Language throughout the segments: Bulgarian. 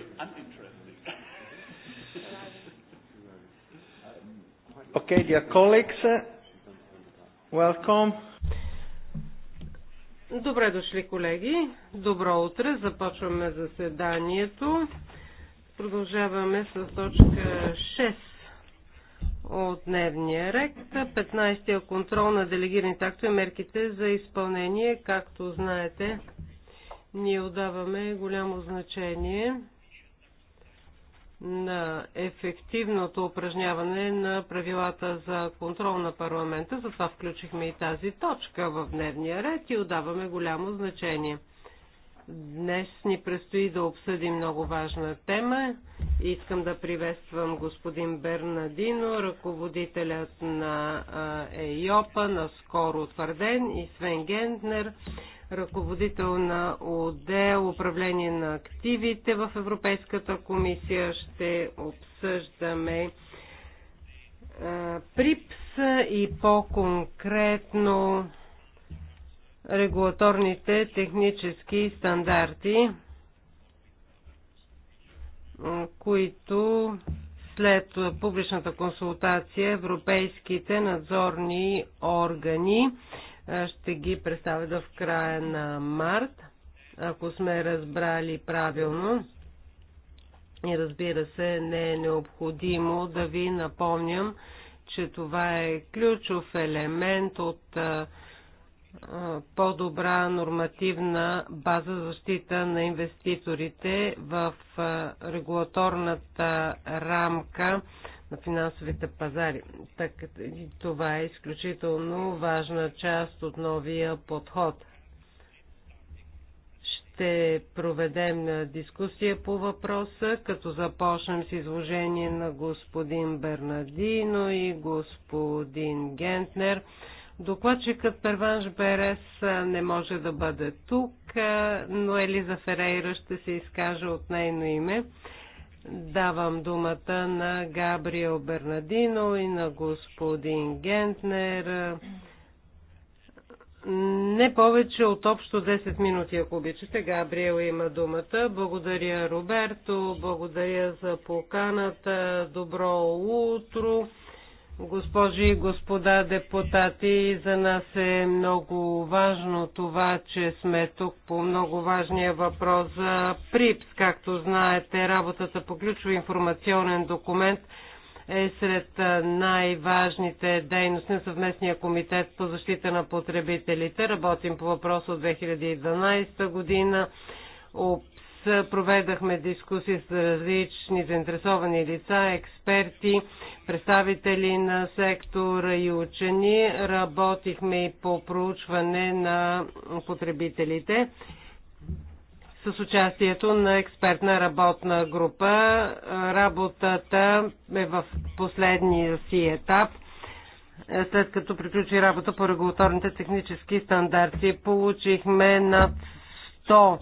very uninteresting. okay, dear colleagues, welcome. Добре дошли, колеги. Добро утре. Започваме заседанието. Продължаваме с точка 6 от дневния ред. 15-я е контрол на делегирани такто и мерките за изпълнение, както знаете, ние отдаваме голямо значение на ефективното упражняване на правилата за контрол на парламента. Затова включихме и тази точка в дневния ред и отдаваме голямо значение. Днес ни предстои да обсъдим много важна тема. Искам да приветствам господин Бернадино, ръководителят на ЕИОПа, наскоро утвърден, и Свен Гентнер, ръководител на отдел управление на активите в Европейската комисия. Ще обсъждаме е, ПРИПС и по-конкретно регулаторните технически стандарти, които след публичната консултация европейските надзорни органи ще ги представя в края на март, ако сме разбрали правилно. И разбира се, не е необходимо да ви напомням, че това е ключов елемент от по-добра нормативна база защита на инвеститорите в регулаторната рамка на финансовите пазари. Так, това е изключително важна част от новия подход. Ще проведем дискусия по въпроса, като започнем с изложение на господин Бернадино и господин Гентнер. Докладчикът Перванш Берес не може да бъде тук, но Елиза Ферейра ще се изкаже от нейно име. Давам думата на Габриел Бернадино и на господин Гентнер. Не повече от общо 10 минути, ако обичате. Габриел има думата. Благодаря, Роберто. Благодаря за поканата. Добро утро. Госпожи и господа депутати, за нас е много важно това, че сме тук по много важния въпрос за ПРИПС. Както знаете, работата по ключов информационен документ е сред най-важните дейности на съвместния комитет по защита на потребителите. Работим по въпрос от 2012 година проведахме дискусии с различни заинтересовани лица, експерти, представители на сектора и учени. Работихме и по проучване на потребителите с участието на експертна работна група. Работата е в последния си етап след като приключи работа по регулаторните технически стандарти. Получихме над 100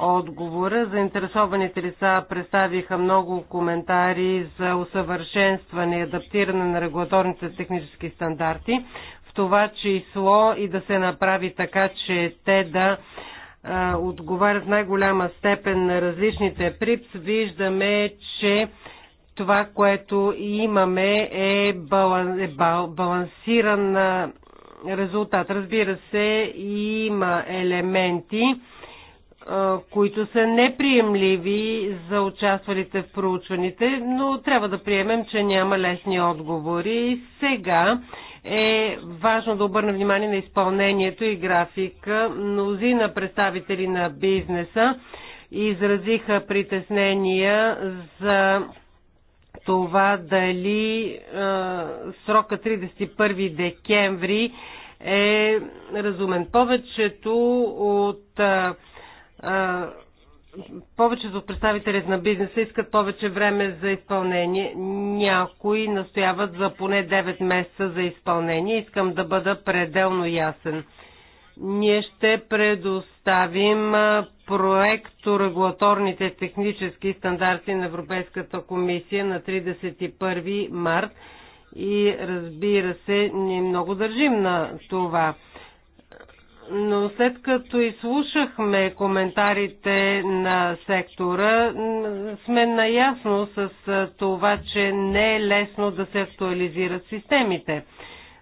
отговора. Заинтересованите лица представиха много коментари за усъвършенстване и адаптиране на регулаторните технически стандарти, в това число и да се направи така, че те да а, отговарят в най-голяма степен на различните припс. Виждаме, че това, което имаме е, е балансиран резултат. Разбира се, има елементи, които са неприемливи за участвалите в проучваните, но трябва да приемем, че няма лесни отговори. Сега е важно да обърна внимание на изпълнението и графика. Мнозина представители на бизнеса изразиха притеснения за това дали е, срока 31 декември е разумен. Повечето от е, повечето от представителите на бизнеса искат повече време за изпълнение. Някои настояват за поне 9 месеца за изпълнение. Искам да бъда пределно ясен. Ние ще предоставим проекто регулаторните технически стандарти на Европейската комисия на 31 март и разбира се, ние много държим на това но след като изслушахме коментарите на сектора, сме наясно с това, че не е лесно да се актуализират системите.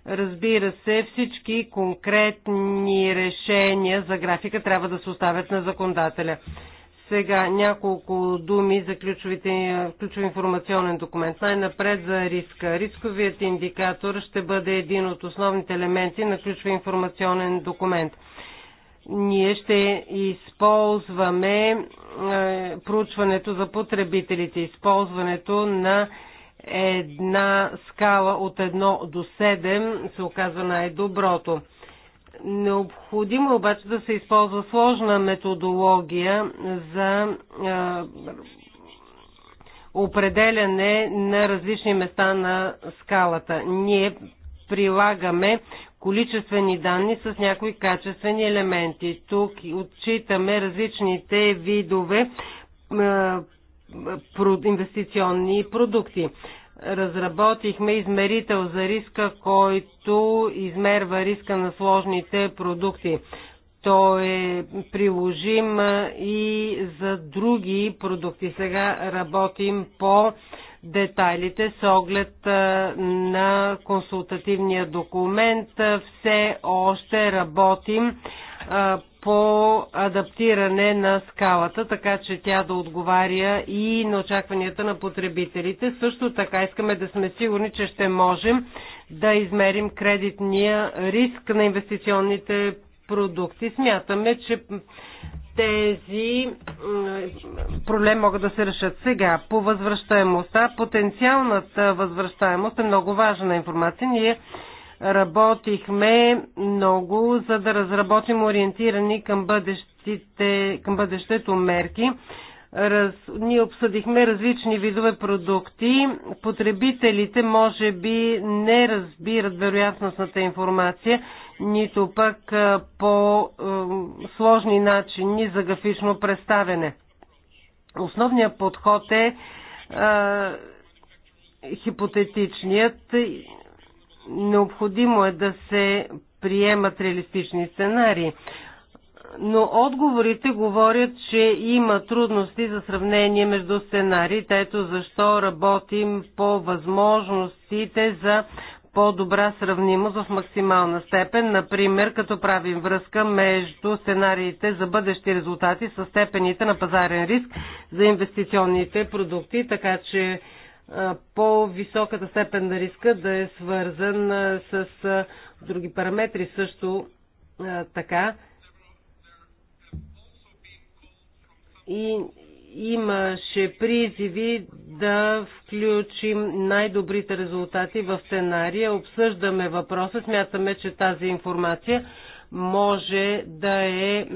Разбира се, всички конкретни решения за графика трябва да се оставят на законодателя. Сега няколко думи за ключовите, ключов информационен документ. Най-напред за риска. Рисковият индикатор ще бъде един от основните елементи на ключов информационен документ. Ние ще използваме е, проучването за потребителите, използването на една скала от 1 до 7 се оказва най-доброто. Необходимо е обаче да се използва сложна методология за определяне на различни места на скалата. Ние прилагаме количествени данни с някои качествени елементи. Тук отчитаме различните видове инвестиционни продукти разработихме измерител за риска, който измерва риска на сложните продукти. Той е приложим и за други продукти. Сега работим по детайлите с оглед на консултативния документ. Все още работим по адаптиране на скалата, така че тя да отговаря и на очакванията на потребителите. Също така искаме да сме сигурни, че ще можем да измерим кредитния риск на инвестиционните продукти. Смятаме, че тези проблеми могат да се решат сега. По възвръщаемостта, потенциалната възвръщаемост е много важна информация. Ние Работихме много, за да разработим ориентирани към, към бъдещето мерки. Раз, ние обсъдихме различни видове продукти. Потребителите може би не разбират вероятностната информация, нито пък по-сложни начини за графично представяне. Основният подход е а, хипотетичният Необходимо е да се приемат реалистични сценарии. Но отговорите говорят, че има трудности за сравнение между сценариите. Ето защо работим по възможностите за по-добра сравнимост в максимална степен, например като правим връзка между сценариите за бъдещи резултати с степените на пазарен риск за инвестиционните продукти, така че по-високата степен на риска да е свързан с други параметри също така. И имаше призиви да включим най-добрите резултати в сценария. Обсъждаме въпроса. Смятаме, че тази информация може да е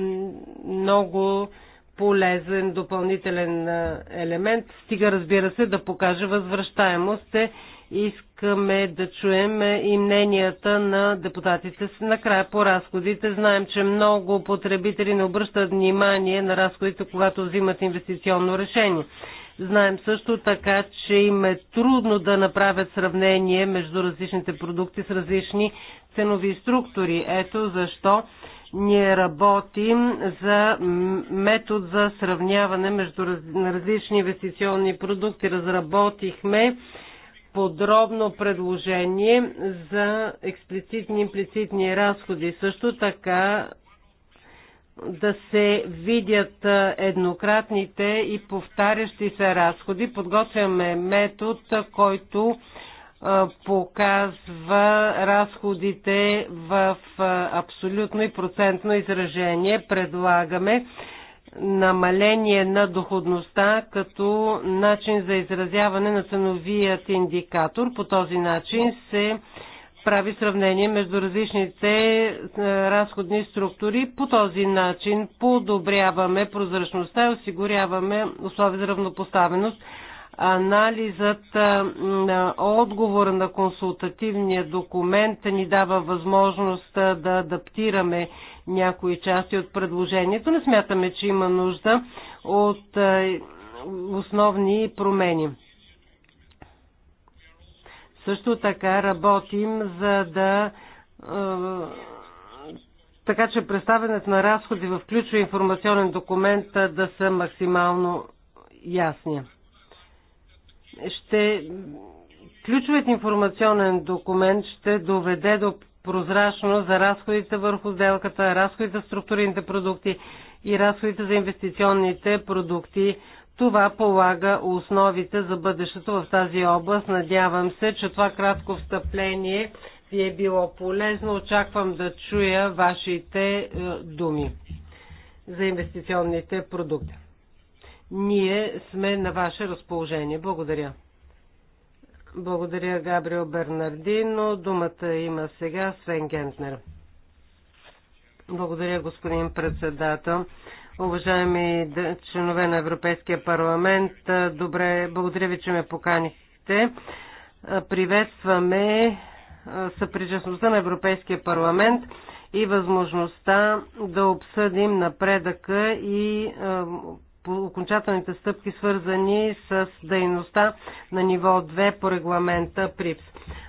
много полезен допълнителен елемент, стига разбира се да покаже възвръщаемост. Е, искаме да чуем е, и мненията на депутатите накрая по разходите. Знаем, че много потребители не обръщат внимание на разходите, когато взимат инвестиционно решение. Знаем също така, че им е трудно да направят сравнение между различните продукти с различни ценови структури. Ето защо ние работим за метод за сравняване между различни инвестиционни продукти. Разработихме подробно предложение за експлицитни и имплицитни разходи. Също така да се видят еднократните и повтарящи се разходи. Подготвяме метод, който показва разходите в абсолютно и процентно изражение. Предлагаме намаление на доходността като начин за изразяване на ценовият индикатор. По този начин се прави сравнение между различните разходни структури. По този начин подобряваме прозрачността и осигуряваме условия за равнопоставеност Анализът на отговора на консултативния документ ни дава възможност да адаптираме някои части от предложението. Не смятаме, че има нужда от основни промени. Също така работим за да така че представенето на разходи в ключови информационен документ да са максимално ясни ще ключовият информационен документ ще доведе до прозрачност за разходите върху сделката, разходите за структурните продукти и разходите за инвестиционните продукти. Това полага основите за бъдещето в тази област. Надявам се, че това кратко встъпление ви е било полезно. Очаквам да чуя вашите е, думи за инвестиционните продукти ние сме на ваше разположение. Благодаря. Благодаря, Габриел Бернардино. Думата има сега Свен Гентнер. Благодаря, господин председател. Уважаеми членове на Европейския парламент, добре, благодаря ви, че ме поканихте. Приветстваме съпричастността на Европейския парламент и възможността да обсъдим напредъка и по окончателните стъпки, свързани с дейността на ниво 2 по регламента ПРИПС.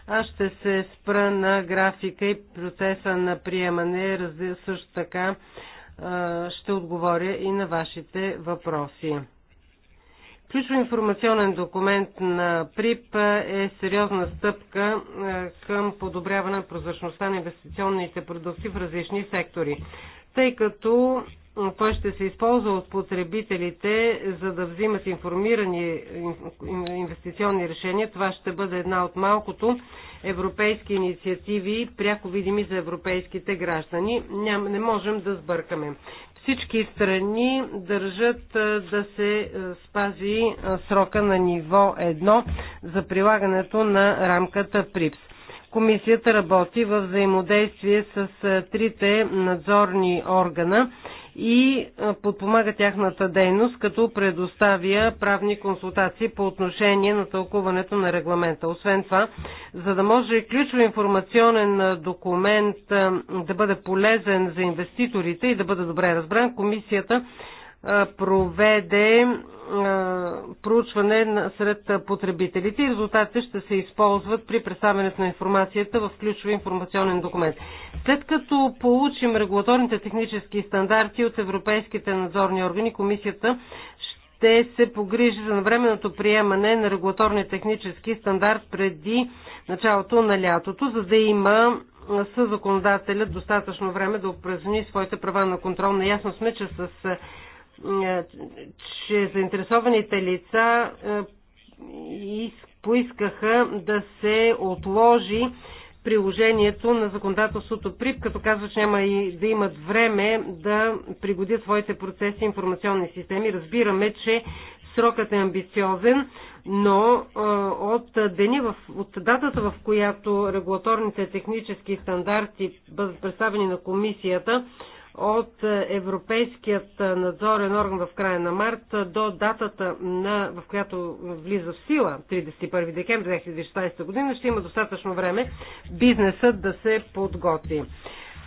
Аз ще се спра на графика и процеса на приемане, също така ще отговоря и на вашите въпроси. Ключов информационен документ на ПРИП е сериозна стъпка към подобряване на прозрачността на инвестиционните продукти в различни сектори, тъй като той ще се използва от потребителите, за да взимат информирани инвестиционни решения. Това ще бъде една от малкото европейски инициативи, пряко видими за европейските граждани. Ням, не можем да сбъркаме. Всички страни държат да се спази срока на ниво 1 за прилагането на рамката ПРИПС. Комисията работи в взаимодействие с трите надзорни органа и подпомага тяхната дейност, като предоставя правни консултации по отношение на тълкуването на регламента. Освен това, за да може ключов информационен документ да бъде полезен за инвеститорите и да бъде добре разбран, комисията проведе проучване сред потребителите и резултатите ще се използват при представянето на информацията в ключови информационен документ. След като получим регулаторните технически стандарти от европейските надзорни органи, комисията ще се погрижи за навременното приемане на регулаторни технически стандарт преди началото на лятото, за да има със законодателя достатъчно време да упражни своите права на контрол. Наясно сме, че с е, че заинтересованите лица е, поискаха да се отложи приложението на законодателството ПРИП, като казва, че няма и да имат време да пригодят своите процеси и информационни системи. Разбираме, че срокът е амбициозен, но е, от деня, в, от датата, в която регулаторните технически стандарти бъдат представени на комисията, от Европейският надзорен орган в края на март до датата, на, в която влиза в сила 31 декември 2016 година, ще има достатъчно време бизнесът да се подготви.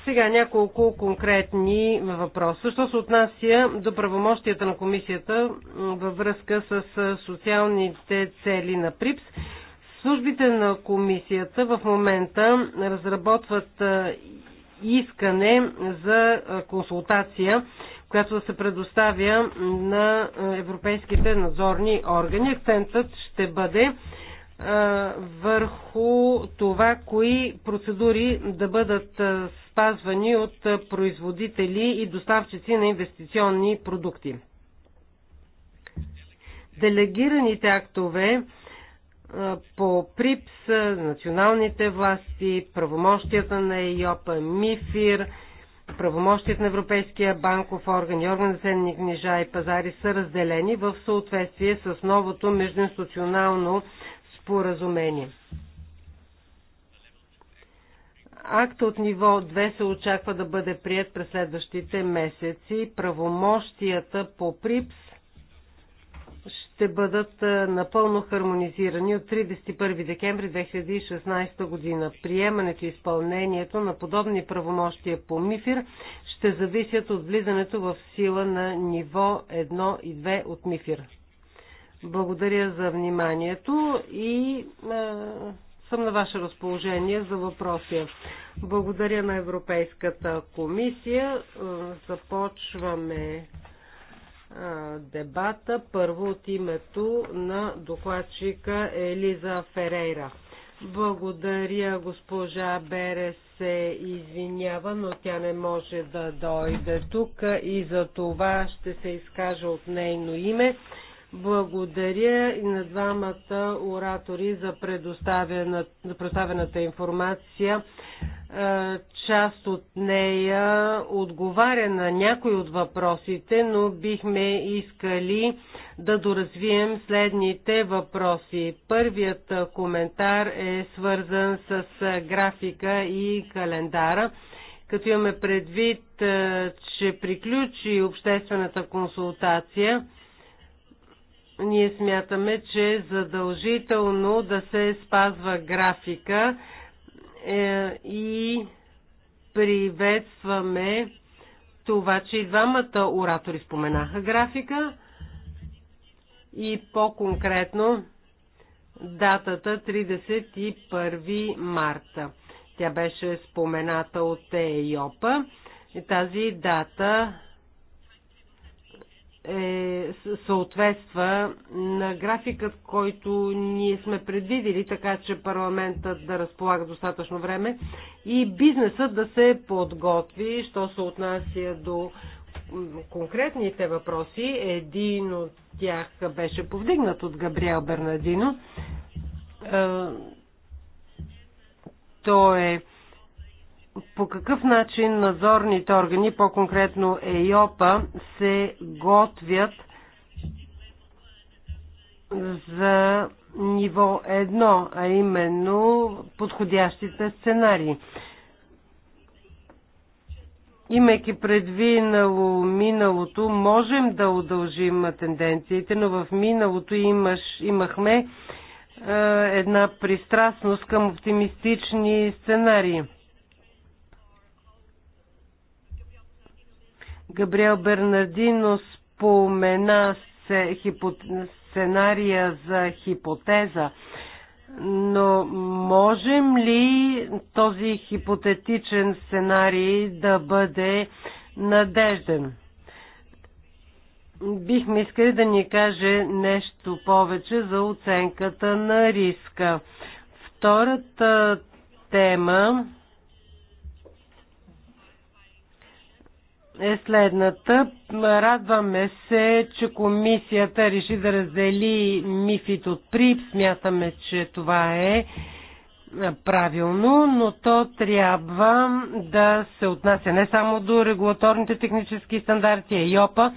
Сега няколко конкретни въпроса. Що се отнася до правомощията на комисията във връзка с социалните цели на ПРИПС, службите на комисията в момента разработват искане за консултация, която да се предоставя на европейските надзорни органи. Акцентът ще бъде върху това, кои процедури да бъдат спазвани от производители и доставчици на инвестиционни продукти. Делегираните актове по ПРИПС, националните власти, правомощията на ЕЙОПА, МИФИР, правомощията на Европейския банков орган и орган за ценни книжа и пазари са разделени в съответствие с новото междуинституционално споразумение. Акта от ниво 2 се очаква да бъде прият през следващите месеци. Правомощията по ПРИПС ще бъдат е, напълно хармонизирани от 31 декември 2016 година. Приемането и изпълнението на подобни правомощия по МИФИР ще зависят от влизането в сила на ниво 1 и 2 от МИФИР. Благодаря за вниманието и е, съм на ваше разположение за въпроси. Благодаря на Европейската комисия. Е, започваме дебата. Първо от името на докладчика Елиза Ферейра. Благодаря, госпожа Бере се извинява, но тя не може да дойде тук и за това ще се изкажа от нейно име. Благодаря и на двамата оратори за, предоставената, предоставената информация. Е, част от нея отговаря на някои от въпросите, но бихме искали да доразвием следните въпроси. Първият коментар е свързан с графика и календара като имаме предвид, е, че приключи обществената консултация, ние смятаме, че е задължително да се спазва графика е, и приветстваме това, че и двамата оратори споменаха графика и по-конкретно датата 31 марта. Тя беше спомената от ЕИОПа и тази дата е, съответства на графикът, който ние сме предвидили, така че парламентът да разполага достатъчно време и бизнесът да се подготви, що се отнася до конкретните въпроси. Един от тях беше повдигнат от Габриел Бернадино. Е, той е по какъв начин надзорните органи, по-конкретно ЕИОПА, се готвят за ниво 1, а именно подходящите сценарии. Имайки предвинало миналото, можем да удължим тенденциите, но в миналото имаш, имахме е, една пристрастност към оптимистични сценарии. Габриел Бернардино спомена се, хипот... сценария за хипотеза, но можем ли този хипотетичен сценарий да бъде надежден? Бихме искали да ни каже нещо повече за оценката на риска. Втората тема е следната. Радваме се, че комисията реши да раздели мифит от ПРИП. Смятаме, че това е правилно, но то трябва да се отнася не само до регулаторните технически стандарти ОПА,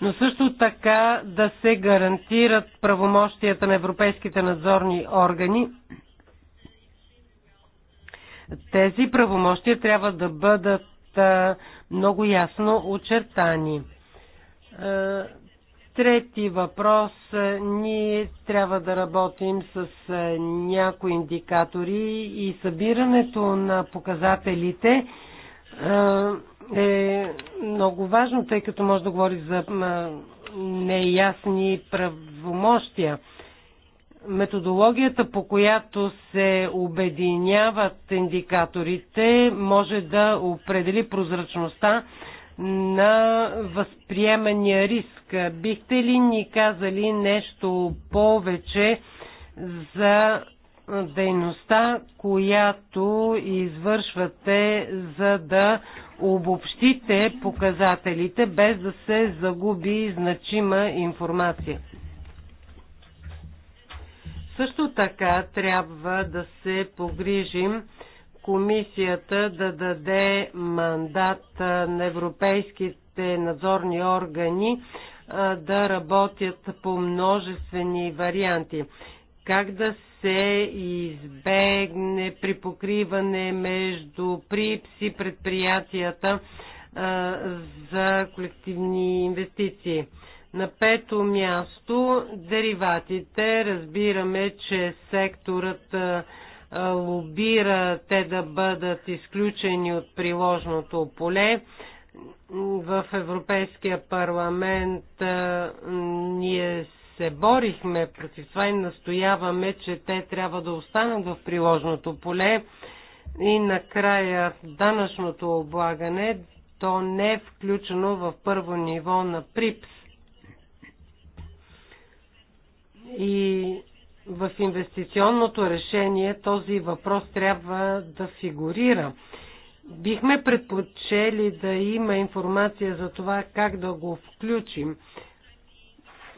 но също така да се гарантират правомощията на европейските надзорни органи. Тези правомощия трябва да бъдат много ясно очертани. Трети въпрос. Ние трябва да работим с някои индикатори и събирането на показателите е много важно, тъй като може да говори за неясни правомощия. Методологията, по която се обединяват индикаторите, може да определи прозрачността на възприемания риск. Бихте ли ни казали нещо повече за дейността, която извършвате, за да обобщите показателите, без да се загуби значима информация? Също така трябва да се погрижим комисията да даде мандат на европейските надзорни органи да работят по множествени варианти. Как да се избегне припокриване между припси предприятията за колективни инвестиции? На пето място дериватите. Разбираме, че секторът лобира те да бъдат изключени от приложното поле. В Европейския парламент ние се борихме против това и настояваме, че те трябва да останат в приложното поле. И накрая данъчното облагане, то не е включено в първо ниво на ПРИПС И в инвестиционното решение този въпрос трябва да фигурира. Бихме предпочели да има информация за това как да го включим.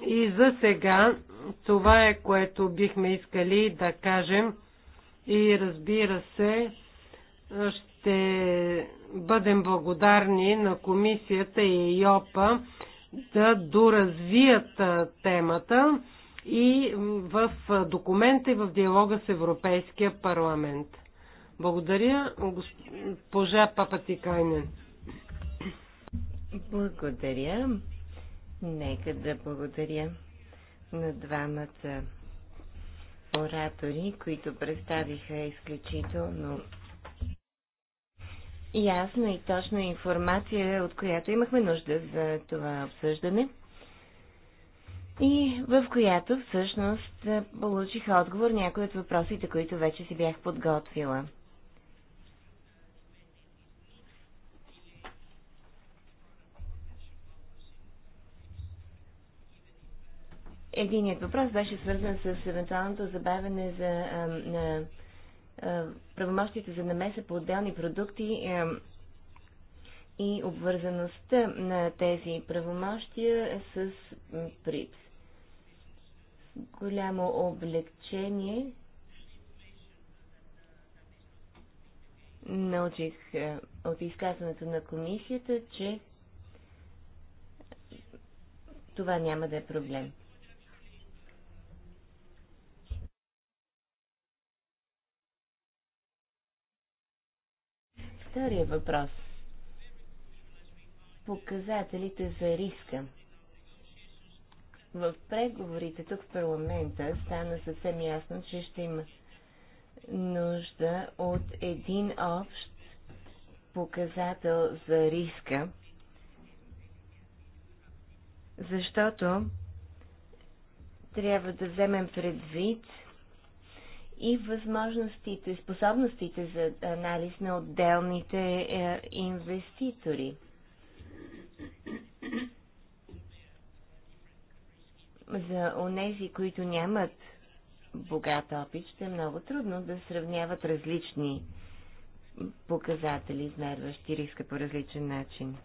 И за сега това е което бихме искали да кажем и разбира се ще бъдем благодарни на комисията и ЙОПА да доразвият темата и в документа и в диалога с Европейския парламент. Благодаря, госпожа Папатикайнен. Благодаря. Нека да благодаря на двамата оратори, които представиха изключително ясна и точна информация, от която имахме нужда за това обсъждане и в която всъщност е, получих отговор някои от въпросите, които вече си бях подготвила. Единият въпрос беше свързан с евентуалното забавяне за, е, на е, правомощите за намеса по отделни продукти а, и обвързаността на тези правомощия с ПРИПС голямо облегчение научих е, от изказването на комисията, че това няма да е проблем. Втория въпрос. Показателите за риска. В преговорите тук в парламента стана съвсем ясно, че ще има нужда от един общ показател за риска, защото трябва да вземем предвид и възможностите, способностите за анализ на отделните е, инвеститори. за онези, които нямат богат опит, ще е много трудно да сравняват различни показатели, измерващи риска по различен начин.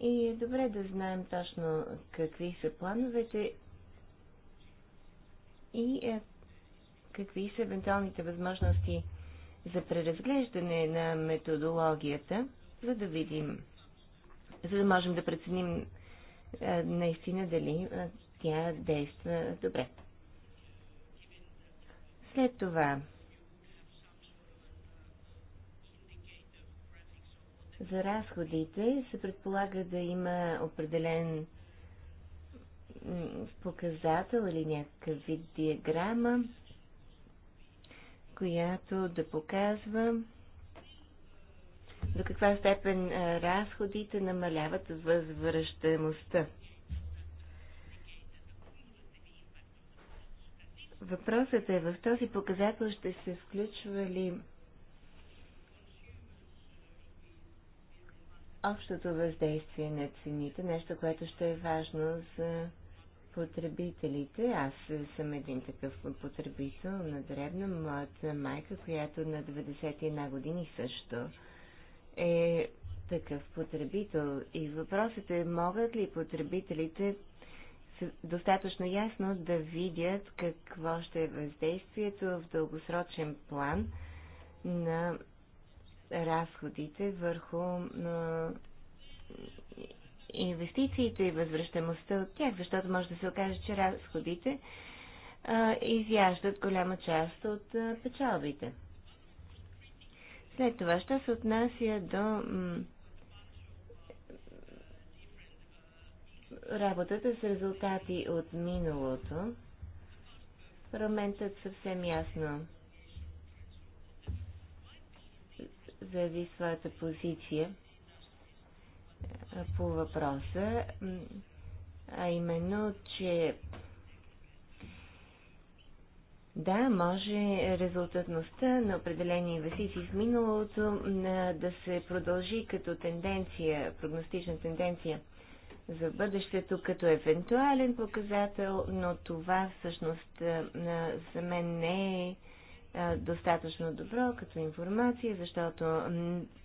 И е добре да знаем точно какви са плановете и е, какви са евентуалните възможности за преразглеждане на методологията – за да видим, за да можем да преценим е, наистина дали е, тя действа добре. След това за разходите се предполага да има определен показател или някакъв вид диаграма, която да показва до каква степен разходите намаляват възвръщаемостта. Въпросът е в този показател ще се включва ли общото въздействие на цените, нещо, което ще е важно за потребителите. Аз съм един такъв потребител на дребна, Моята майка, която на 91 години също е такъв потребител. И въпросът е, могат ли потребителите достатъчно ясно да видят какво ще е въздействието в дългосрочен план на разходите върху инвестициите и възвръщаемостта от тях, защото може да се окаже, че разходите а, изяждат голяма част от а, печалбите. След това, ще се отнася до работата с резултати от миналото, парламентът съвсем ясно заяви своята позиция по въпроса, а именно, че да, може резултатността на определени инвестиции в миналото да се продължи като тенденция, прогностична тенденция за бъдещето, като евентуален показател, но това всъщност за мен не е достатъчно добро като информация, защото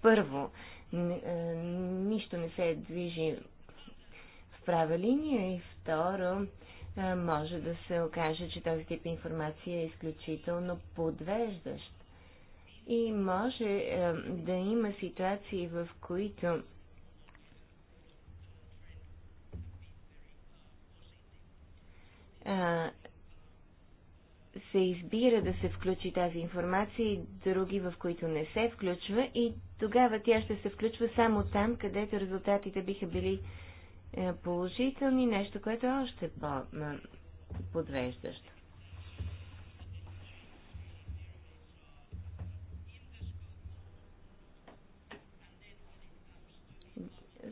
първо нищо не се движи в права линия и второ е, може да се окаже, че този тип информация е изключително подвеждащ. И може е, да има ситуации, в които е, се избира да се включи тази информация и други, в които не се включва и тогава тя ще се включва само там, където резултатите биха били е положителни, нещо, което е още по подвеждащо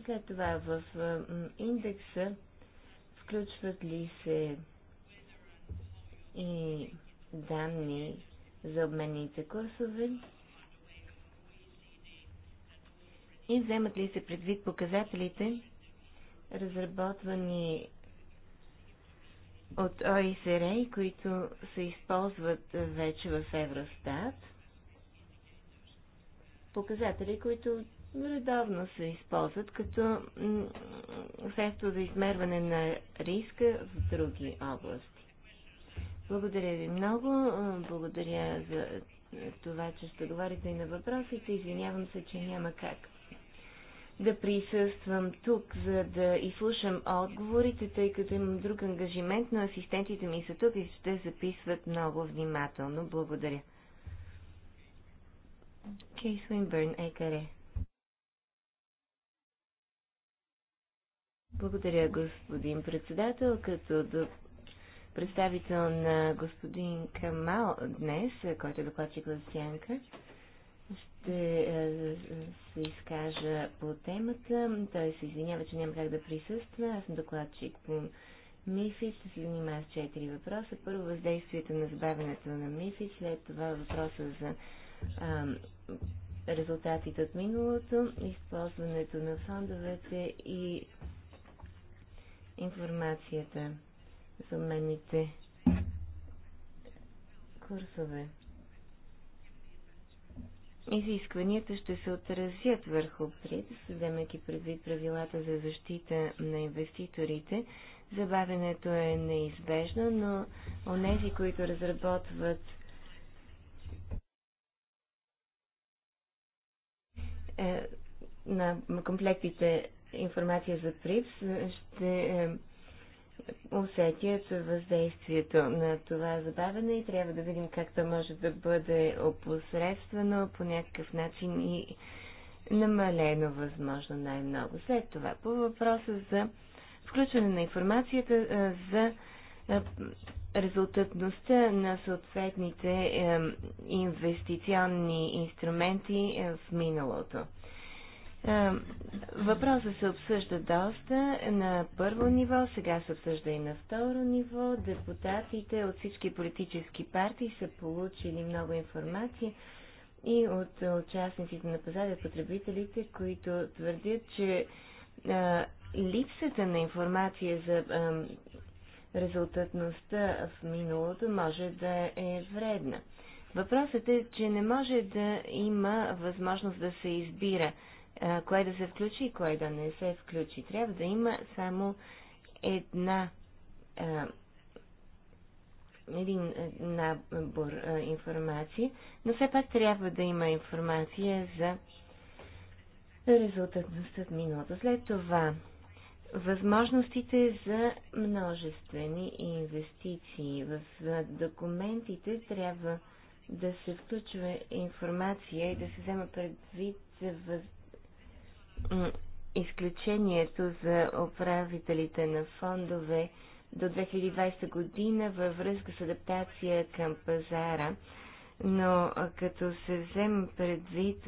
След това в индекса включват ли се и данни за обменните курсове и вземат ли се предвид показателите, разработвани от ОИСР, които се използват вече в Евростат. Показатели, които редовно се използват като средство за измерване на риска в други области. Благодаря ви много. Благодаря за това, че ще говорите и на въпросите. Извинявам се, че няма как да присъствам тук, за да изслушам отговорите, тъй като имам друг ангажимент, но асистентите ми са тук и ще записват много внимателно. Благодаря. Кейс Уинбърн, Екаре. Благодаря, господин председател. Като до представител на господин Камал днес, който е докладчик в Сянка, ще е, се изкажа по темата. Той се извинява, че няма как да присъства. Аз съм докладчик по МИФИ. Ще се занимава с четири въпроса. Първо въздействието на забавянето на МИФИ, след това въпроса за а, резултатите от миналото, използването на фондовете и информацията за мените курсове изискванията ще се отразят върху ПРИД, вземайки предвид правилата за защита на инвеститорите. Забавянето е неизбежно, но онези, които разработват е, на комплектите информация за ПРИПС, ще е, усетият въздействието на това забавяне и трябва да видим как то може да бъде опосредствено по някакъв начин и намалено възможно най-много. След това по въпроса за включване на информацията за резултатността на съответните инвестиционни инструменти е, в миналото. Е, Въпросът се обсъжда доста на първо ниво, сега се обсъжда и на второ ниво. Депутатите от всички политически партии са получили много информация и от участниците на пазара и потребителите, които твърдят, че а, е, липсата на информация за а, е, резултатността в миналото може да е вредна. Въпросът е, че не може да има възможност да се избира кое да се включи и кое да не се включи. Трябва да има само една един набор информация, но все пак трябва да има информация за резултатността от миналото. След това, възможностите за множествени инвестиции. В документите трябва да се включва информация и да се взема предвид въз изключението за управителите на фондове до 2020 година във връзка с адаптация към пазара, но като се вземе предвид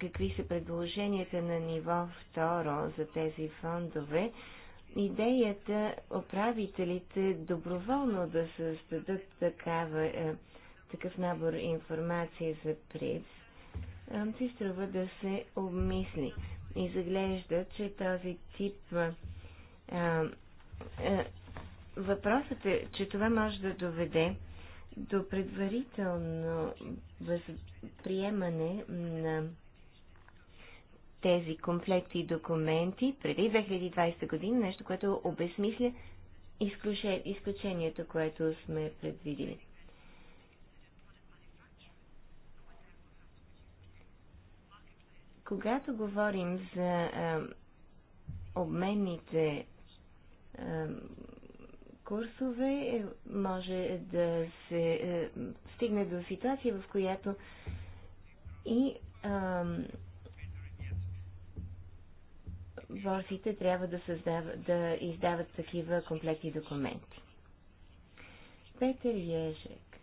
какви са предложенията на ниво второ за тези фондове, идеята управителите доброволно да създадат такава, е, такъв набор информация за приз, ти струва да се обмисли изглежда, че този тип а, а, въпросът е, че това може да доведе до предварително възприемане на тези комплекти и документи преди 2020 година, нещо, което обезмисля изключението, което сме предвидили. Когато говорим за а, обменните а, курсове, е, може да се а, е, стигне до ситуация, в която и а, борсите трябва да, създава, да издават такива комплекти документи. Петър Ежек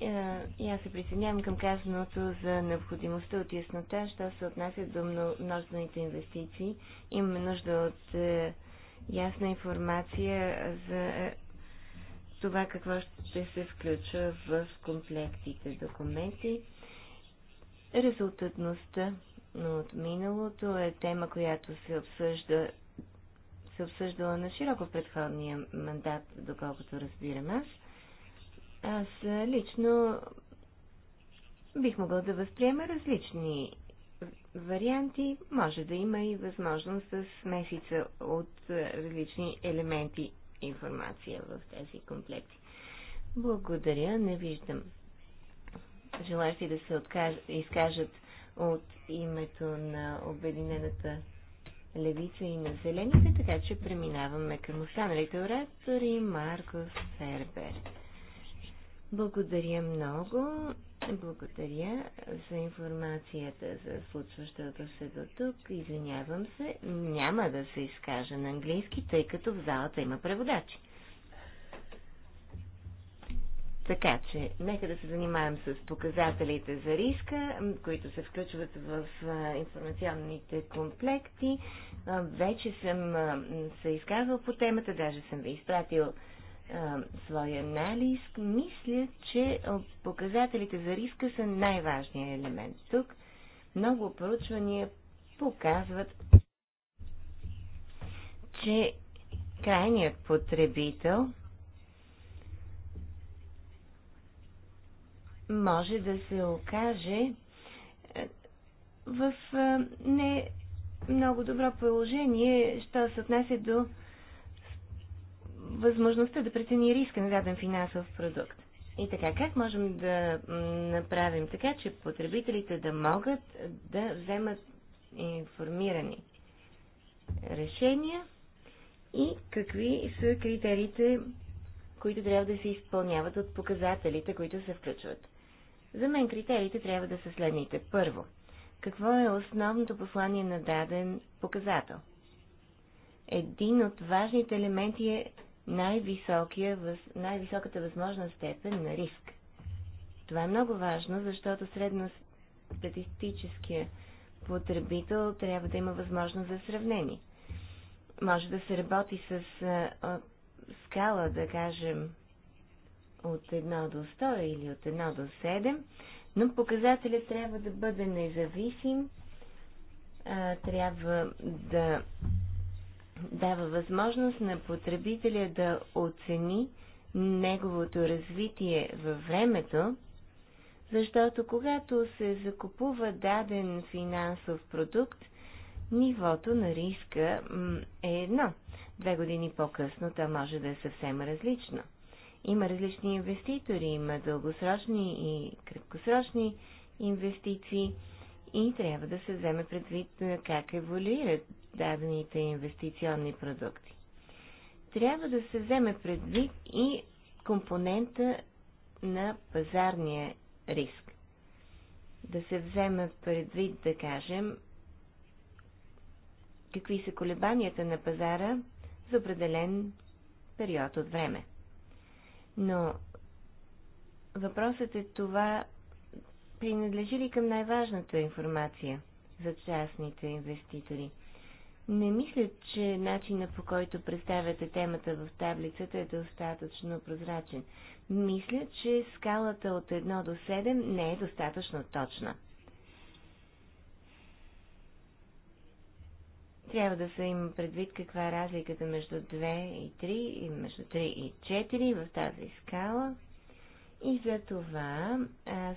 е, и аз се присъединявам към казаното за необходимостта от яснота, що се отнася до множествените инвестиции. Имаме нужда от е, ясна информация за е, това какво ще се включва в комплектите документи. Резултатността от миналото е тема, която се обсъжда се обсъждала на широко предходния мандат, доколкото разбирам аз. Аз лично бих могъл да възприема различни варианти. Може да има и възможност с месица от различни елементи информация в тези комплекти. Благодаря. Не виждам желащи да се откажат, изкажат от името на Обединената левица и на зелените, така че преминаваме към останалите оратори Марко Фербер. Благодаря много. Благодаря за информацията за случващото се до тук. Извинявам се, няма да се изкажа на английски, тъй като в залата има преводачи. Така че, нека да се занимаем с показателите за риска, които се включват в информационните комплекти. Вече съм се изказвал по темата, даже съм ви изпратил своя анализ, мисля, че показателите за риска са най-важният елемент. Тук много проучвания показват, че крайният потребител може да се окаже в не много добро положение, що се отнася до възможността да прецени риска на даден финансов продукт. И така, как можем да направим така, че потребителите да могат да вземат информирани решения и какви са критериите, които трябва да се изпълняват от показателите, които се включват. За мен критериите трябва да са следните. Първо, какво е основното послание на даден показател? Един от важните елементи е най-високата най възможна степен на риск. Това е много важно, защото средно статистическия потребител трябва да има възможност за сравнение. Може да се работи с а, а, скала, да кажем, от 1 до 100 или от 1 до 7, но показателят трябва да бъде независим, а, трябва да дава възможност на потребителя да оцени неговото развитие във времето, защото когато се закупува даден финансов продукт, нивото на риска е едно. Две години по-късно то може да е съвсем различно. Има различни инвеститори, има дългосрочни и краткосрочни инвестиции и трябва да се вземе предвид е, как еволюират дадените инвестиционни продукти. Трябва да се вземе предвид и компонента на пазарния риск. Да се вземе предвид, да кажем, какви са колебанията на пазара за определен период от време. Но въпросът е това, принадлежи ли към най-важната информация за частните инвеститори – не мисля, че начина по който представяте темата в таблицата е достатъчно прозрачен. Мисля, че скалата от 1 до 7 не е достатъчно точна. Трябва да се има предвид каква е разликата между 2 и 3 и между 3 и 4 в тази скала. И за това аз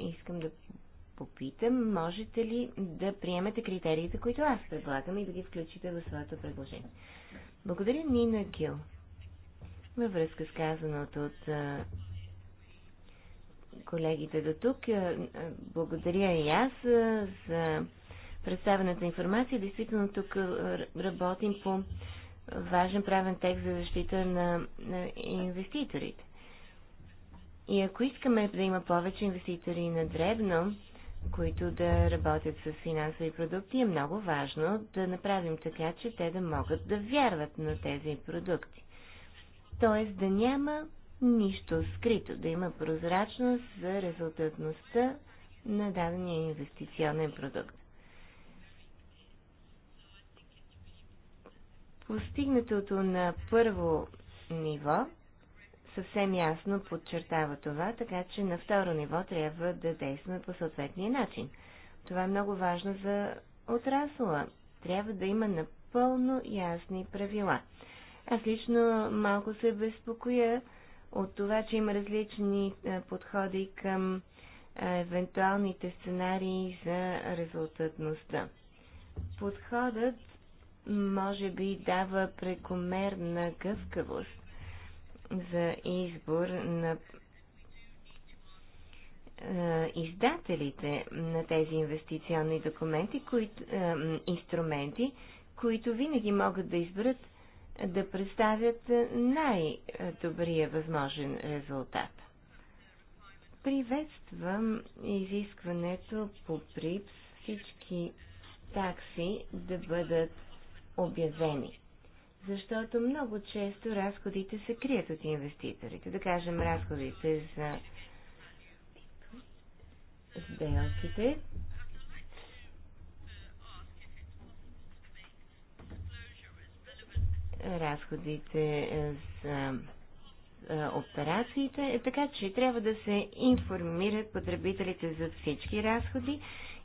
искам да попитам, можете ли да приемете критериите, които аз предлагам и да ги включите в своето предложение. Благодаря Нина Гил. Във връзка с казаното от колегите до тук, благодаря и аз за представената информация. Действително тук работим по важен правен текст за защита на, на инвеститорите. И ако искаме да има повече инвеститори на дребно, които да работят с финансови продукти, е много важно да направим така, че те да могат да вярват на тези продукти. Тоест да няма нищо скрито, да има прозрачност за резултатността на дадения инвестиционен продукт. Постигнатото на първо ниво съвсем ясно подчертава това, така че на второ ниво трябва да действаме по съответния начин. Това е много важно за отрасла. Трябва да има напълно ясни правила. Аз лично малко се безпокоя от това, че има различни е, подходи към е, евентуалните сценарии за резултатността. Подходът може би дава прекомерна гъвкавост за избор на е, издателите на тези инвестиционни документи, които, е, инструменти, които винаги могат да изберат е, да представят най-добрия възможен резултат. Приветствам изискването по ПРИПС всички такси да бъдат обявени защото много често разходите се крият от инвеститорите. Да кажем, разходите за сделките. Разходите е, за е, операциите, е, така че трябва да се информират потребителите за всички разходи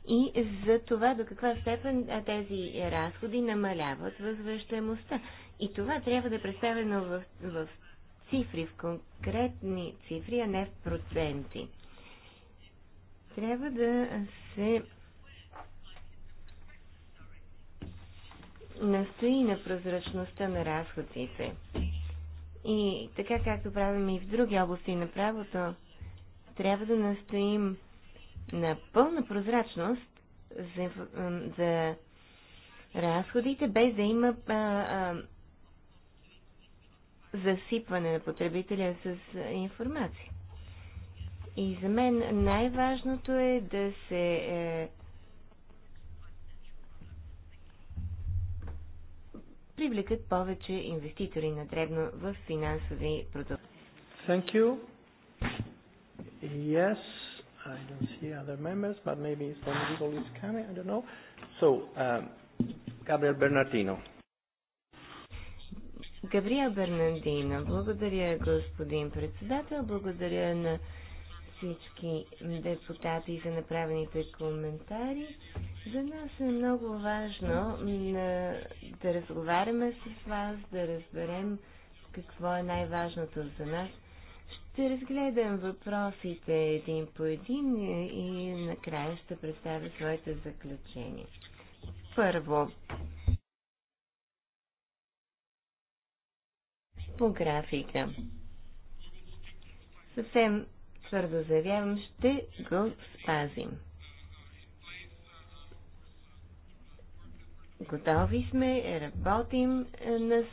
и за това до каква степен тези разходи намаляват възвръщаемостта. И това трябва да е представено в, в цифри, в конкретни цифри, а не в проценти. Трябва да се настои на прозрачността на разходите. И така както правим и в други области на правото, трябва да настоим на пълна прозрачност за, за разходите, без да има а, а, засипване на потребителя с информация. И за мен най-важното е да се е, привлекат повече инвеститори на дребно в финансови продукти. Thank you. Yes. I don't see other members, but maybe some people is coming, I don't know. So, um, Gabriel Bernardino. Габриел Бернандино, благодаря господин председател, благодаря на всички депутати за направените коментари. За нас е много важно да разговаряме с вас, да разберем какво е най-важното за нас ще разгледам въпросите един по един и накрая ще представя своите заключения. Първо, по графика. Съвсем твърдо заявявам, ще го спазим. Готови сме, работим е, на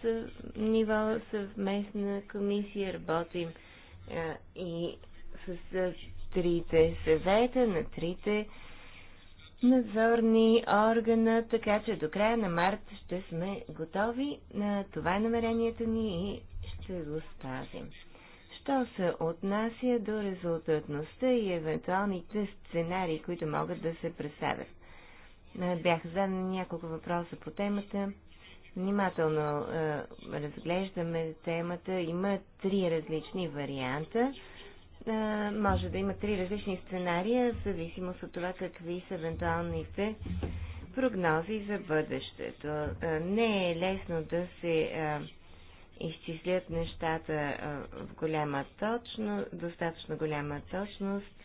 ниво съвместна комисия, работим и с трите съвета, на трите надзорни органа, така че до края на март ще сме готови. На това е намерението ни и ще го спазим. Що се отнася до резултатността и евентуалните сценарии, които могат да се представят? Бяха зададени няколко въпроса по темата. Внимателно е, разглеждаме темата. Има три различни варианта. Е, може да има три различни сценария, в зависимост от това какви са евентуалните прогнози за бъдещето. Е, не е лесно да се е, изчислят нещата е, в голяма точно, достатъчно голяма точност.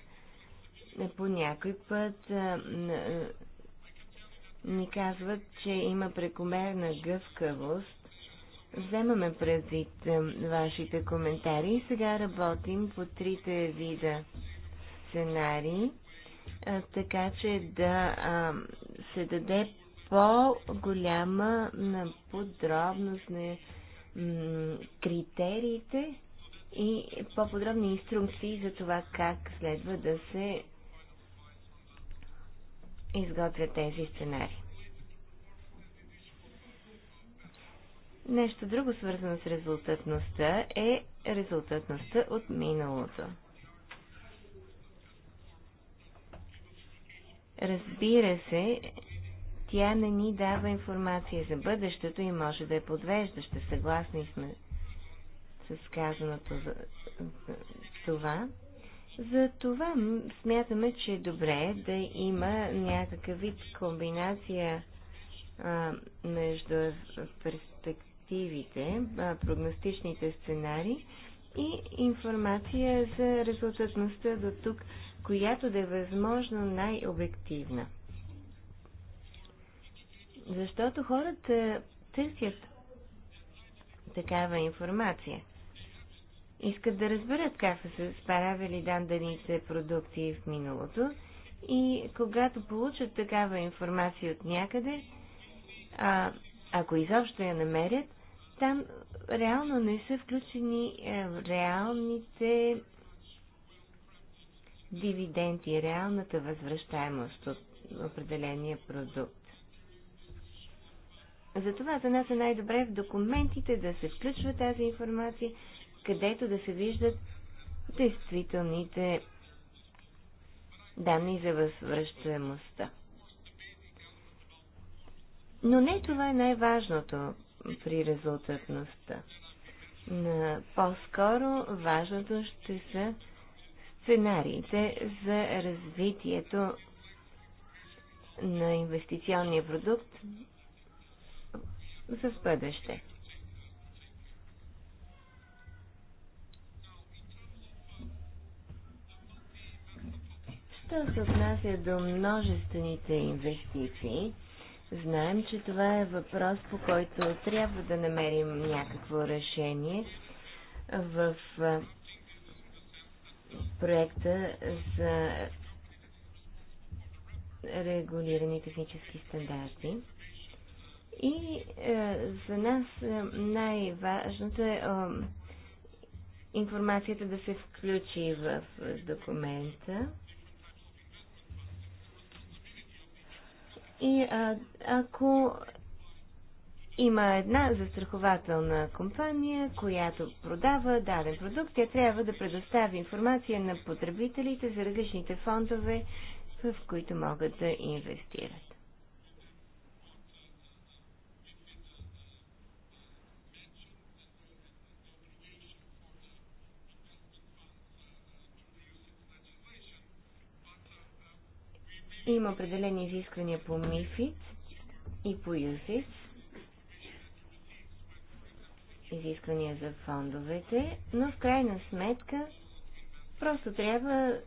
По някой път ни казват, че има прекомерна гъвкавост. Вземаме предвид е, вашите коментари и сега работим по трите вида сценарии, е, така че да е, се даде по-голяма подробност на критериите и по-подробни инструкции за това как следва да се изготвя тези сценари. Нещо друго свързано с резултатността е резултатността от миналото. Разбира се, тя не ни дава информация за бъдещето и може да е подвеждаща. Съгласни сме с казаното за това. За това смятаме, че е добре да има някакъв вид комбинация а, между перспективите, а, прогностичните сценари и информация за резултатността до тук, която да е възможно най-обективна. Защото хората търсят такава информация – искат да разберат как са се справили данданите продукции в миналото и когато получат такава информация от някъде, а, ако изобщо я намерят, там реално не са включени е, реалните дивиденти, реалната възвръщаемост от определения продукт. Затова за нас е най-добре в документите да се включва тази информация, където да се виждат действителните данни за възвръщаемостта. Но не това е най-важното при резултатността. По-скоро важното ще са сценариите за развитието на инвестиционния продукт за бъдеще. Що се отнася до множествените инвестиции, знаем, че това е въпрос, по който трябва да намерим някакво решение в проекта за регулирани технически стандарти. И е, за нас е, най-важното е, е информацията да се включи в документа. И а, ако има една застрахователна компания, която продава даден продукт, тя трябва да предостави информация на потребителите за различните фондове, в които могат да инвестират. Има определени изисквания по МИФИД и по USIS, Изисквания за фондовете, но в крайна сметка просто трябва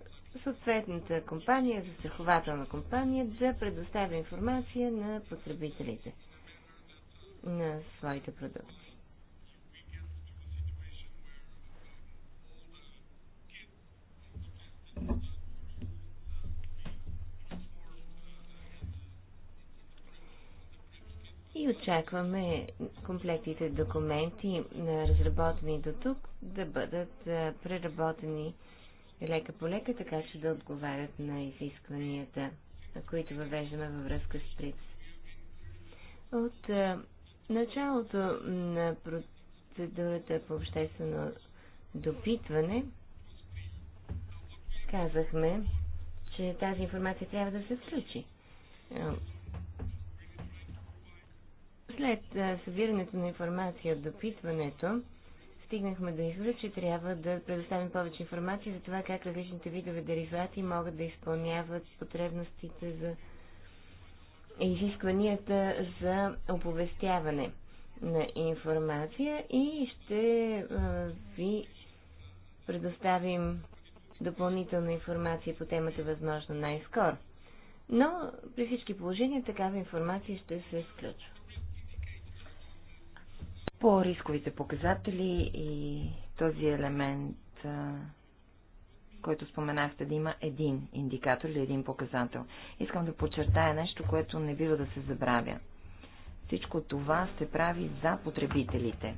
съответната компания, застрахователна компания, да предоставя информация на потребителите на своите продукти. Thank you. и очакваме комплектите документи, разработени до тук, да бъдат преработени лека по лека, така че да отговарят на изискванията, които въвеждаме във връзка с ПРИЦ. От началото на процедурата по обществено допитване казахме, че тази информация трябва да се включи след събирането на информация от допитването, стигнахме до извода, че трябва да предоставим повече информация за това как различните видове деривати могат да изпълняват потребностите за изискванията за оповестяване на информация и ще ви предоставим допълнителна информация по темата възможно най-скоро. Но при всички положения такава информация ще се включва по рисковите показатели и този елемент, който споменахте да има един индикатор или един показател. Искам да подчертая нещо, което не бива да се забравя. Всичко това се прави за потребителите.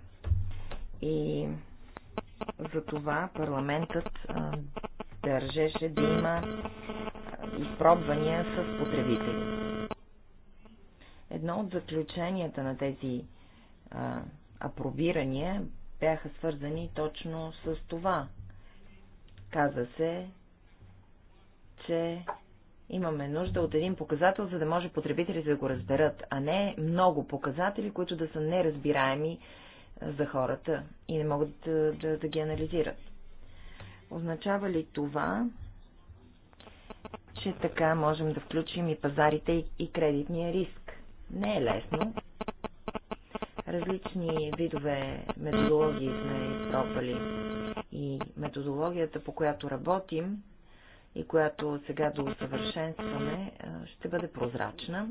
И за това парламентът държеше да има изпробвания с потребители. Едно от заключенията на тези апробирания бяха свързани точно с това. Каза се, че имаме нужда от един показател, за да може потребителите да го разберат, а не много показатели, които да са неразбираеми е, за хората и не могат да, да, да ги анализират. Означава ли това, че така можем да включим и пазарите и, и кредитния риск? Не е лесно, Различни видове методологии сме изпробвали и методологията, по която работим и която сега да усъвършенстваме, ще бъде прозрачна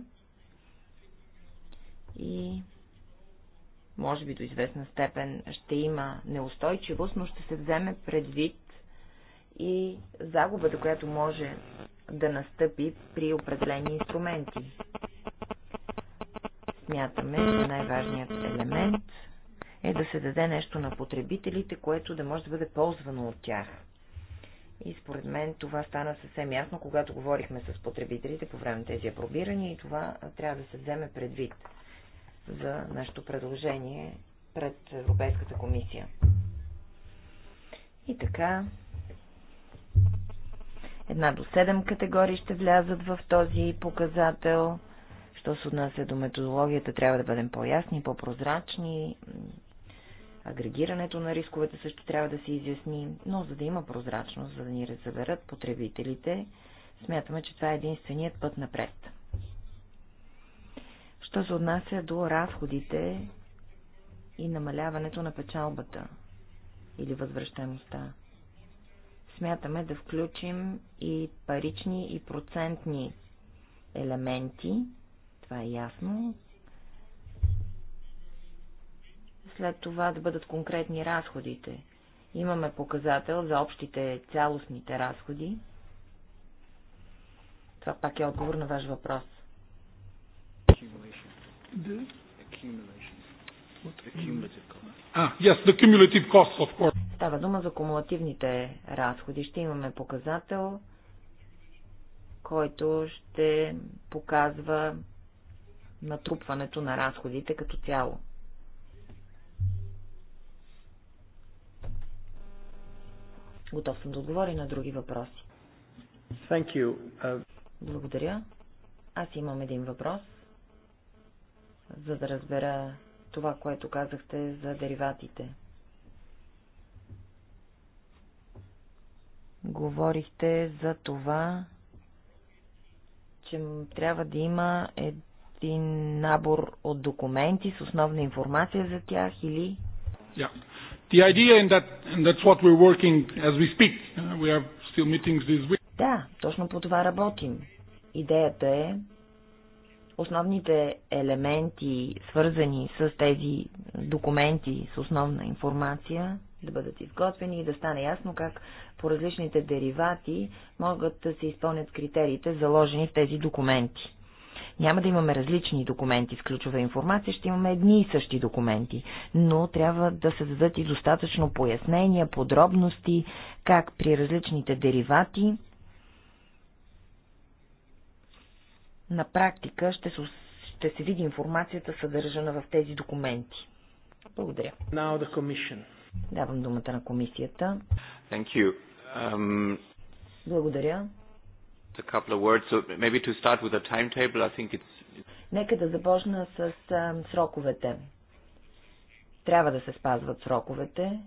и може би до известна степен ще има неустойчивост, но ще се вземе предвид и загубата, която може да настъпи при определени инструменти. Смятаме, че най-важният елемент е да се даде нещо на потребителите, което да може да бъде ползвано от тях. И според мен това стана съвсем ясно, когато говорихме с потребителите по време на тези апробирания и това трябва да се вземе предвид за нашето предложение пред Европейската комисия. И така, една до 7 категории ще влязат в този показател. Що се отнася до методологията, трябва да бъдем по-ясни, по-прозрачни. Агрегирането на рисковете също трябва да се изясни, но за да има прозрачност, за да ни разберат потребителите, смятаме, че това е единственият път напред. Що се отнася до разходите и намаляването на печалбата или възвръщаемостта. Смятаме да включим и парични и процентни елементи това е ясно. След това да бъдат конкретни разходите. Имаме показател за общите цялостните разходи. Това пак е отговор на ваш въпрос. Ah, Става дума за кумулативните разходи. Ще имаме показател, който ще показва натрупването на разходите като цяло. Готов съм да отговоря на други въпроси. Thank you. Uh... Благодаря. Аз имам един въпрос, за да разбера това, което казахте за дериватите. Говорихте за това, че трябва да има един набор от документи с основна информация за тях или... Yeah. The idea in that, and that's what we're working as we speak. Uh, we have still meetings this week. Да, точно по това работим. Идеята е основните елементи, свързани с тези документи с основна информация, да бъдат изготвени и да стане ясно как по различните деривати могат да се изпълнят критериите, заложени в тези документи. Няма да имаме различни документи с ключова информация, ще имаме едни и същи документи, но трябва да се дадат и достатъчно пояснения, подробности, как при различните деривати на практика ще се, ще се види информацията съдържана в тези документи. Благодаря. Now the commission. Давам думата на комисията. Thank you. Um... Благодаря a couple of words. So maybe to start with the timetable, I think it's... Нека да започна с а, сроковете. Трябва да се спазват сроковете.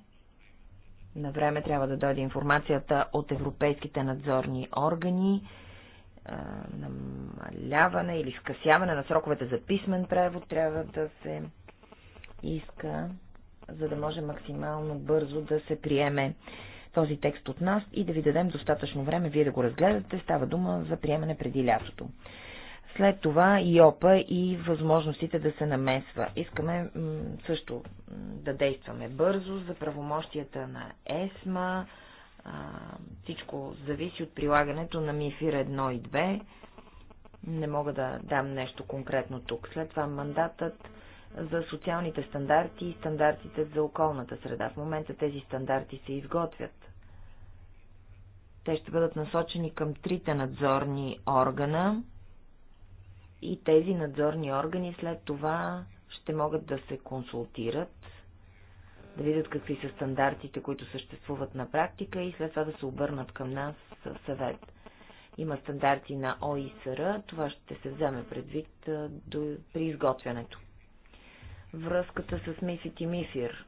На време трябва да дойде информацията от европейските надзорни органи, а, намаляване или скъсяване на сроковете за писмен превод трябва да се иска, за да може максимално бързо да се приеме този текст от нас и да ви дадем достатъчно време вие да го разгледате. Става дума за приемане преди лятото. След това и ОПА и възможностите да се намесва. Искаме също да действаме бързо за правомощията на ЕСМА. всичко зависи от прилагането на МИФИР 1 и 2. Не мога да дам нещо конкретно тук. След това мандатът за социалните стандарти и стандартите за околната среда. В момента тези стандарти се изготвят. Те ще бъдат насочени към трите надзорни органа и тези надзорни органи след това ще могат да се консултират, да видят какви са стандартите, които съществуват на практика и след това да се обърнат към нас съвет има стандарти на ОИСР, това ще се вземе предвид при изготвянето връзката с Мифит и Мифир.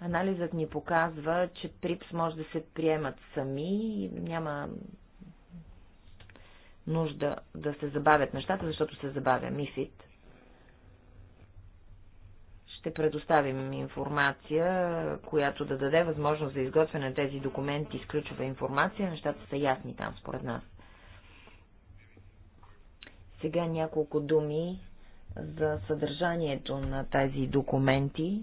Анализът ни показва, че ПРИПС може да се приемат сами и няма нужда да се забавят нещата, защото се забавя Мифит. Ще предоставим информация, която да даде възможност за изготвяне на тези документи изключва информация. Нещата са ясни там, според нас. Сега няколко думи за съдържанието на тези документи.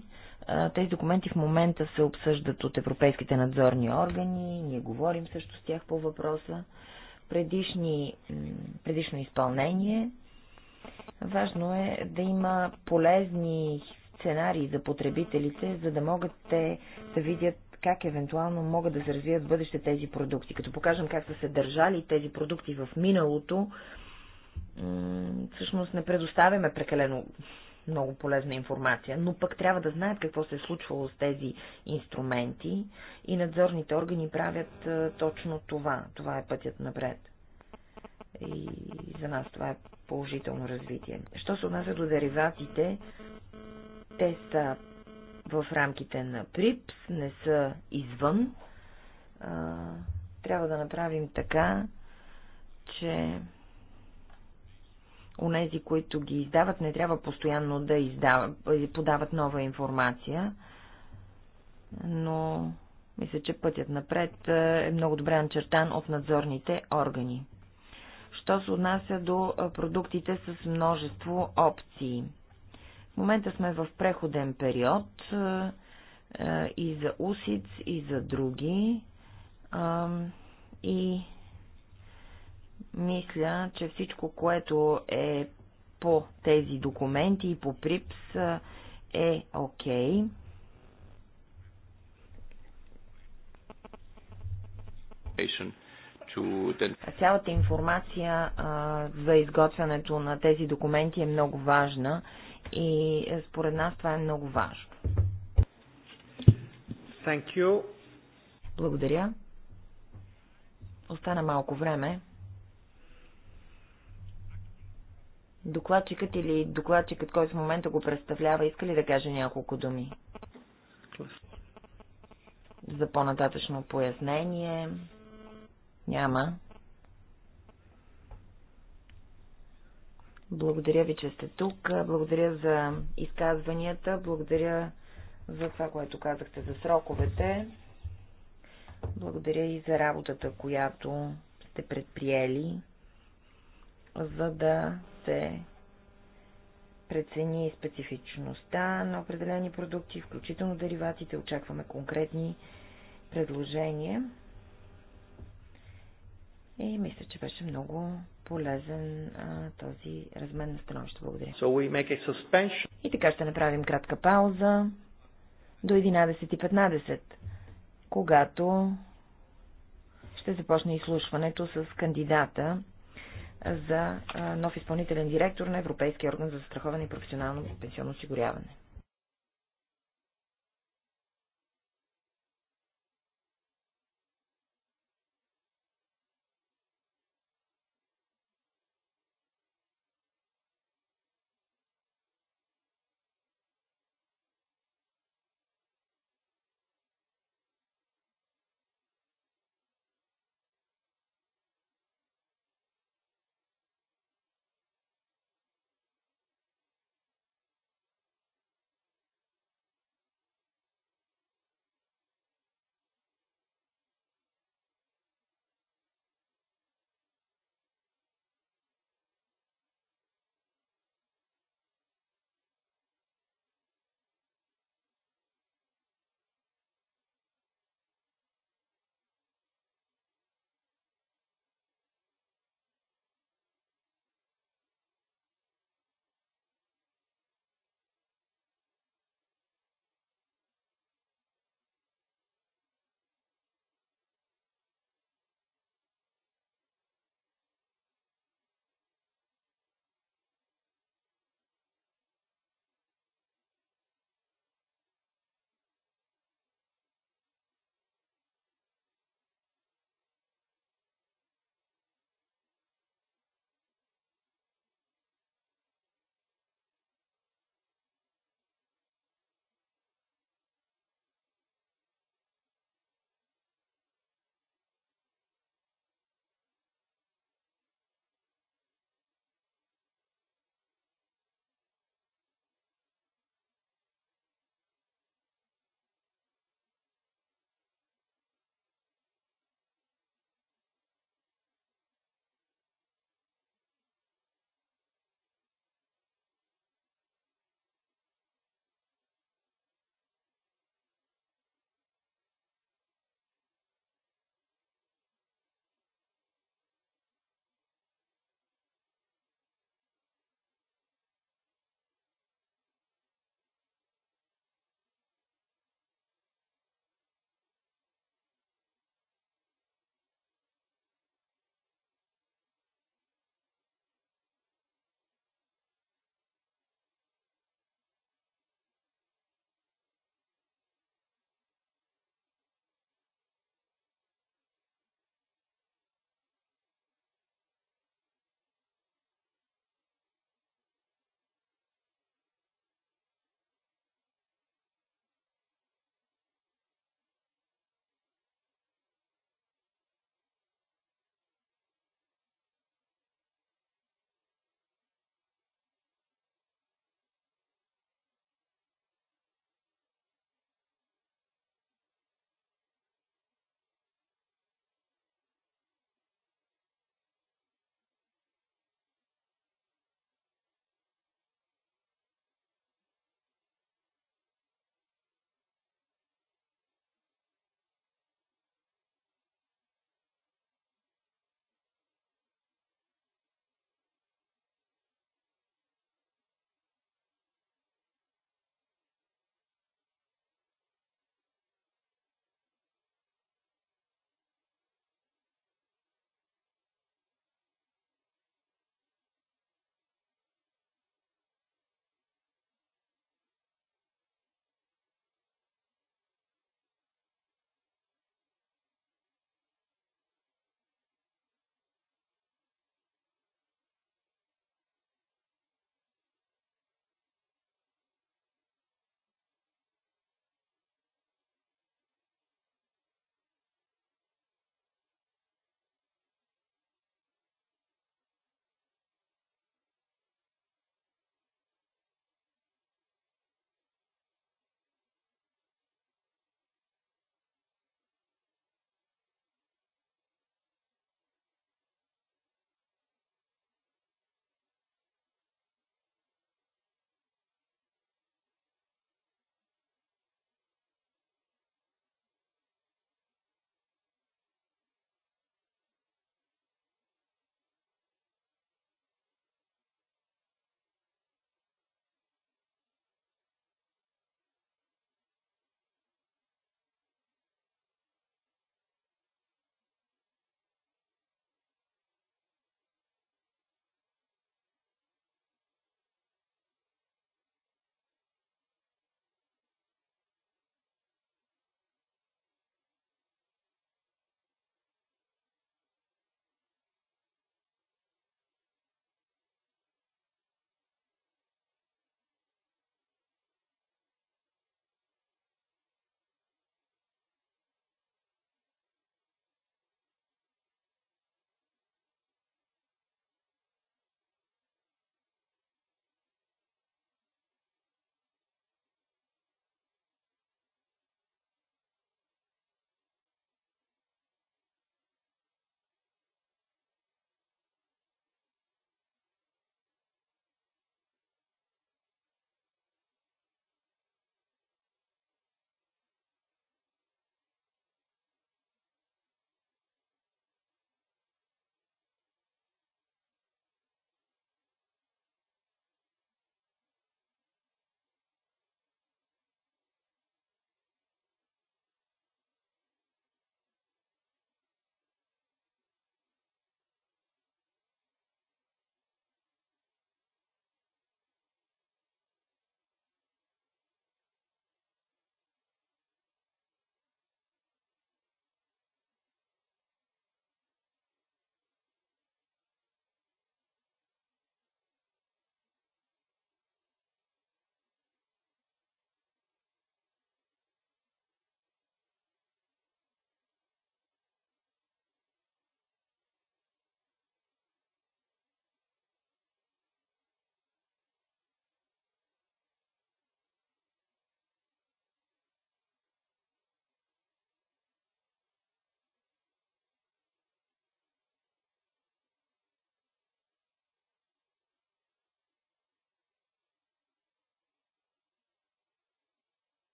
Тези документи в момента се обсъждат от европейските надзорни органи, ние говорим също с тях по въпроса. Предишни, предишно изпълнение. Важно е да има полезни сценарии за потребителите, за да могат те да видят как евентуално могат да се развият бъдеще тези продукти. Като покажем как са се държали тези продукти в миналото, всъщност не предоставяме прекалено много полезна информация, но пък трябва да знаят какво се е случвало с тези инструменти и надзорните органи правят точно това. Това е пътят напред. И за нас това е положително развитие. Що се отнася до дериватите, те са в рамките на ПРИПС, не са извън. трябва да направим така, че Онези, които ги издават, не трябва постоянно да издават, подават нова информация, но мисля, че пътят напред е, е много добре начертан от надзорните органи. Що се отнася до е, продуктите с множество опции? В момента сме в преходен период е, и за усиц, и за други. И мисля, че всичко, което е по тези документи и по ПРИПС е окей. Okay. Цялата информация а, за изготвянето на тези документи е много важна и е, според нас това е много важно. Thank you. Благодаря. Остана малко време. Докладчикът или докладчикът, който в момента го представлява, иска ли да каже няколко думи? За по-нататъчно пояснение няма. Благодаря ви, че сте тук. Благодаря за изказванията. Благодаря за това, което казахте за сроковете. Благодаря и за работата, която сте предприели, за да се прецени специфичността на определени продукти, включително дериватите. Очакваме конкретни предложения. И мисля, че беше много полезен а, този размен на становище. Благодаря. So we make a suspension. И така ще направим кратка пауза до 11.15, когато ще започне изслушването с кандидата за нов изпълнителен директор на Европейския орган за застраховане и професионално пенсионно осигуряване.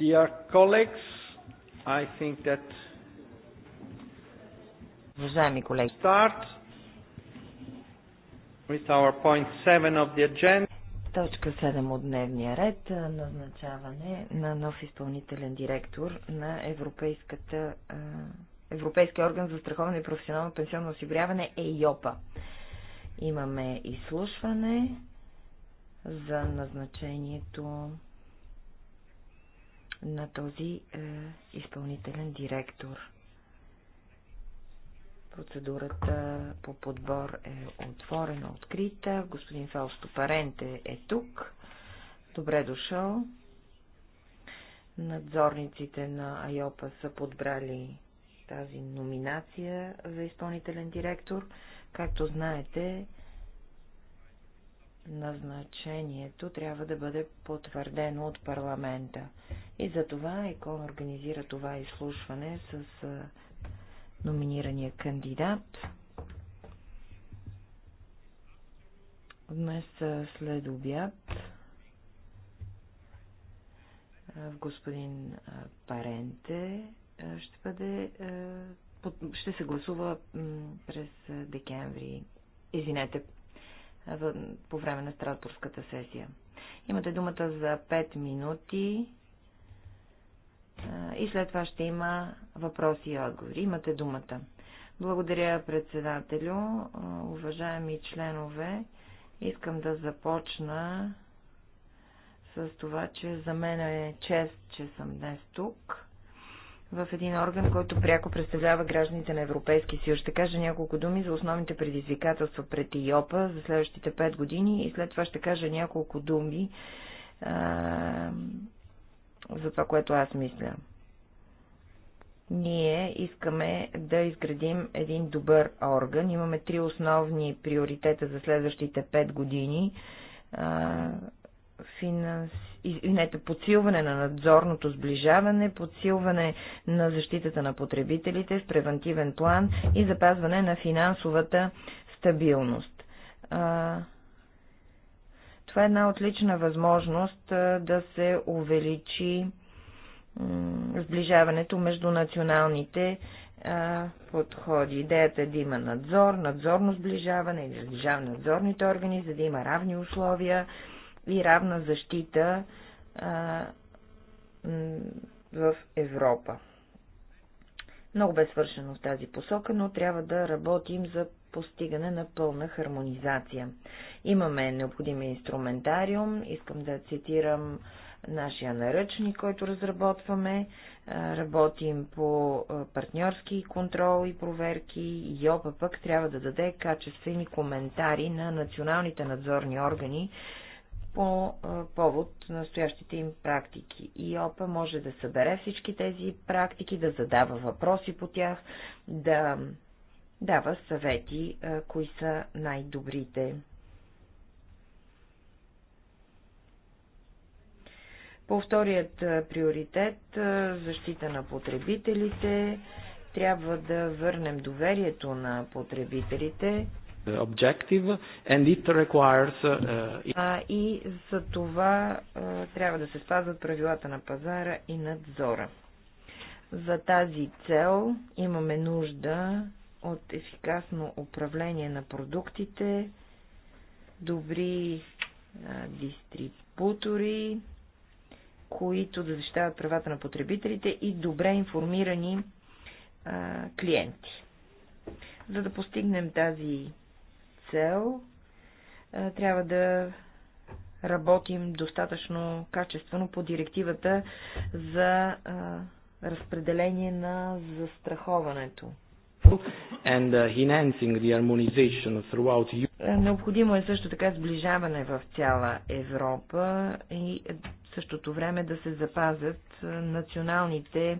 Dear colleagues, I think that Уважаеми колеги, start with our point 7 of the agenda. Точка 7 от дневния ред назначаване на нов изпълнителен директор на Европейската, Европейския орган за страховане и професионално пенсионно осигуряване ЕЙОПа. Имаме изслушване за назначението на този е, изпълнителен директор. Процедурата по подбор е отворена, открита. Господин Фаусто Паренте е тук. Добре дошъл. Надзорниците на Айопа са подбрали тази номинация за изпълнителен директор. Както знаете, назначението трябва да бъде потвърдено от парламента. И за това ЕКОН организира това изслушване с номинирания кандидат. Днес след обяд в господин Паренте ще бъде ще се гласува през декември. Извинете, по време на Страсбургската сесия. Имате думата за 5 минути и след това ще има въпроси и отговори. Имате думата. Благодаря, председателю, уважаеми членове. Искам да започна с това, че за мен е чест, че съм днес тук в един орган, който пряко представлява гражданите на Европейски съюз. Ще кажа няколко думи за основните предизвикателства пред ИОПА за следващите 5 години и след това ще кажа няколко думи а, за това, което аз мисля. Ние искаме да изградим един добър орган. Имаме три основни приоритета за следващите 5 години. А, финанс извинете, подсилване на надзорното сближаване, подсилване на защитата на потребителите в превентивен план и запазване на финансовата стабилност. Това е една отлична възможност да се увеличи сближаването между националните подходи. Идеята е да има надзор, надзорно сближаване и сближаване на надзорните органи, за да има равни условия и равна защита а, в Европа. Много бе свършено в тази посока, но трябва да работим за постигане на пълна хармонизация. Имаме необходимия инструментариум, искам да цитирам нашия наръчник, който разработваме. Работим по партньорски контрол и проверки. ЙОПА пък трябва да даде качествени коментари на националните надзорни органи по повод настоящите им практики. И ОПА може да събере всички тези практики, да задава въпроси по тях, да дава съвети, кои са най-добрите. По вторият приоритет защита на потребителите трябва да върнем доверието на потребителите Uh, objective and it requires uh, uh, а, и за това а, трябва да се спазват правилата на пазара и надзора. За тази цел имаме нужда от ефикасно управление на продуктите, добри а, дистрибутори, които да защитават правата на потребителите и добре информирани а, клиенти. За да постигнем тази цел трябва да работим достатъчно качествено по директивата за разпределение на застраховането. And uh, enhancing the harmonization throughout Необходимо е също така сближаване в цяла Европа и в същото време да се запазят националните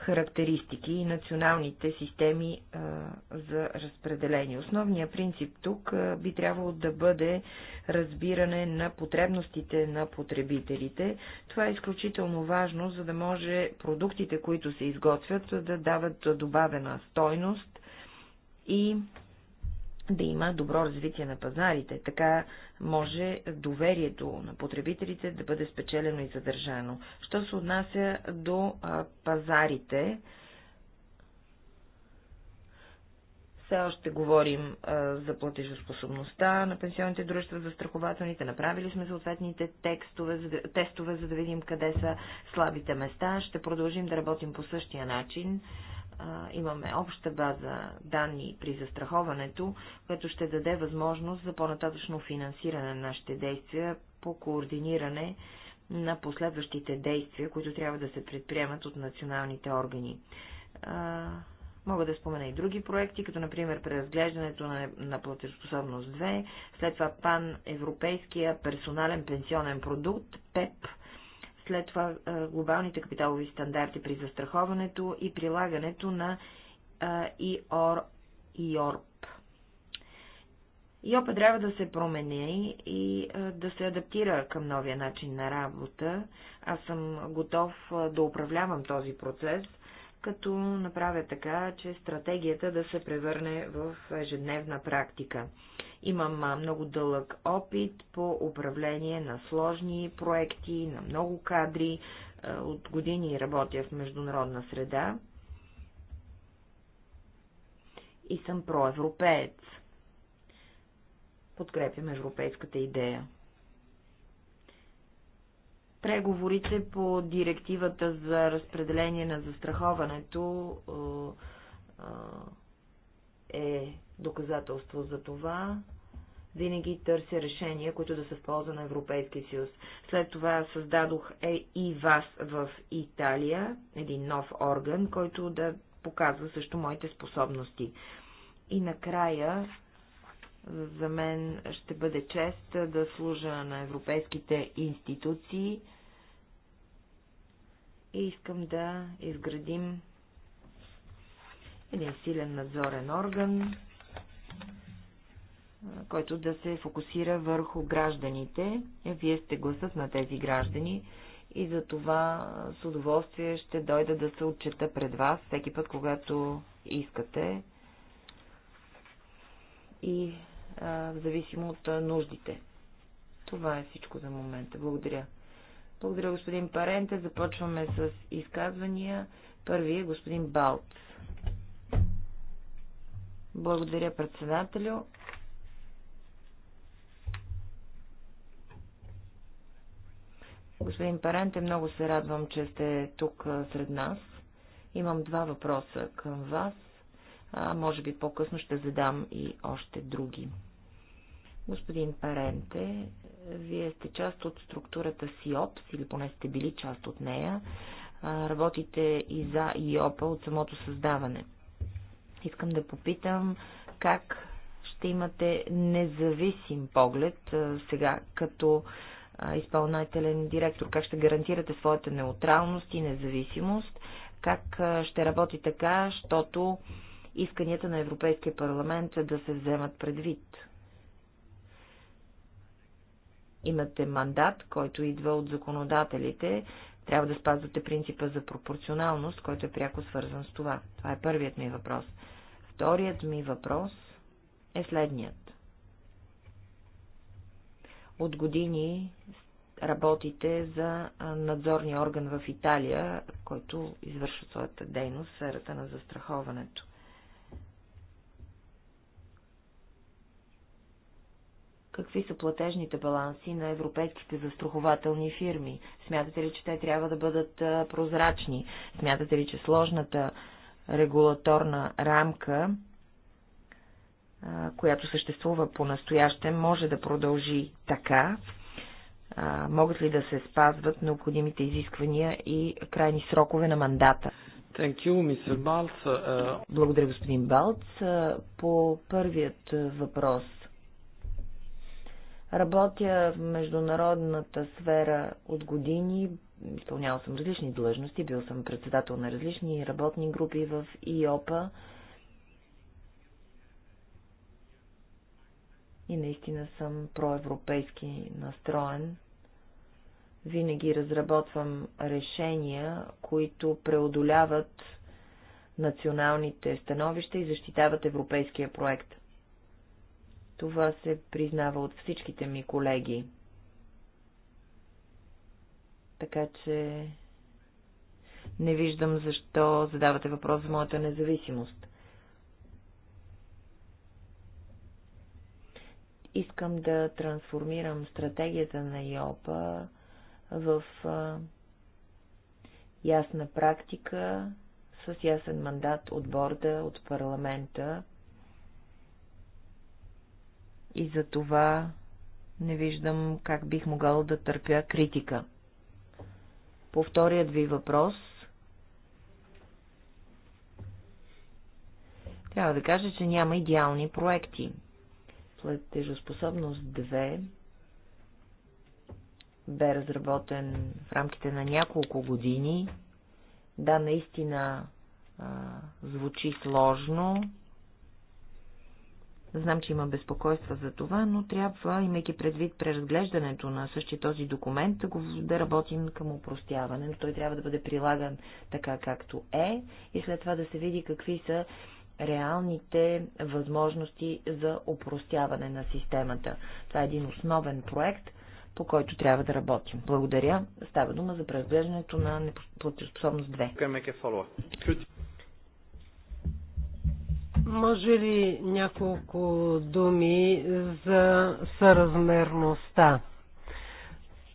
характеристики и националните системи а, за разпределение. Основният принцип тук а, би трябвало да бъде разбиране на потребностите на потребителите. Това е изключително важно, за да може продуктите, които се изготвят, да дават добавена стойност и да има добро развитие на пазарите. Така може доверието на потребителите да бъде спечелено и задържано. Що се отнася до пазарите, все още говорим а, за платежоспособността на пенсионните дружества, за страхователните. Направили сме съответните текстове, за тестове, за да видим къде са слабите места. Ще продължим да работим по същия начин имаме обща база данни при застраховането, което ще даде възможност за по-нататъчно финансиране на нашите действия по координиране на последващите действия, които трябва да се предприемат от националните органи. мога да спомена и други проекти, като например преразглеждането на, на платежоспособност 2, след това пан-европейския персонален пенсионен продукт, ПЕП, след това глобалните капиталови стандарти при застраховането и прилагането на ИОР, ИОРП. ИОПа трябва да се промени и да се адаптира към новия начин на работа. Аз съм готов да управлявам този процес като направя така, че стратегията да се превърне в ежедневна практика. Имам много дълъг опит по управление на сложни проекти, на много кадри. От години работя в международна среда и съм проевропеец. Подкрепям европейската идея преговорите по директивата за разпределение на застраховането е, е, е доказателство за това. Винаги търся решения, които да се в полза на Европейския съюз. След това създадох е и вас в Италия, един нов орган, който да показва също моите способности. И накрая за мен ще бъде чест да служа на европейските институции и искам да изградим един силен надзорен орган, който да се фокусира върху гражданите. Вие сте гласът на тези граждани и за това с удоволствие ще дойда да се отчета пред вас всеки път, когато искате. И в зависимо от нуждите. Това е всичко за момента. Благодаря. Благодаря, господин Паренте. Започваме с изказвания. Първи е господин Балт. Благодаря, председателю. Господин Паренте, много се радвам, че сте тук сред нас. Имам два въпроса към вас. А, може би по-късно ще задам и още други. Господин Паренте, вие сте част от структурата СИОПС или поне сте били част от нея. А, работите и за ИОПа от самото създаване. Искам да попитам как ще имате независим поглед сега като изпълнителен директор, как ще гарантирате своята неутралност и независимост, как ще работи така, защото исканията на Европейския парламент да се вземат предвид. Имате мандат, който идва от законодателите. Трябва да спазвате принципа за пропорционалност, който е пряко свързан с това. Това е първият ми въпрос. Вторият ми въпрос е следният. От години работите за надзорния орган в Италия, който извършва своята дейност в сферата на застраховането. Какви са платежните баланси на европейските застрахователни фирми? Смятате ли, че те трябва да бъдат прозрачни? Смятате ли, че сложната регулаторна рамка, която съществува по-настояще, може да продължи така? Могат ли да се спазват необходимите изисквания и крайни срокове на мандата? Thank you, Mr. Balz. Uh, Благодаря, господин Балц. По първият въпрос – Работя в международната сфера от години, изпълнявал съм различни длъжности, бил съм председател на различни работни групи в ИОПА. И наистина съм проевропейски настроен. Винаги разработвам решения, които преодоляват националните становища и защитават европейския проект. Това се признава от всичките ми колеги. Така че не виждам защо задавате въпрос за моята независимост. Искам да трансформирам стратегията на ЙОПА в ясна практика, с ясен мандат от борда, от парламента и за това не виждам как бих могъл да търпя критика. По вторият ви въпрос, трябва да кажа, че няма идеални проекти. След тежоспособност 2 бе разработен в рамките на няколко години. Да, наистина а, звучи сложно, Знам, че има безпокойства за това, но трябва, имайки предвид преразглеждането на същи този документ, да, го, да работим към упростяване, но той трябва да бъде прилаган така както е и след това да се види какви са реалните възможности за упростяване на системата. Това е един основен проект, по който трябва да работим. Благодаря. Става дума за преразглеждането на неплатежоспособност 2. Може ли няколко думи за съразмерността?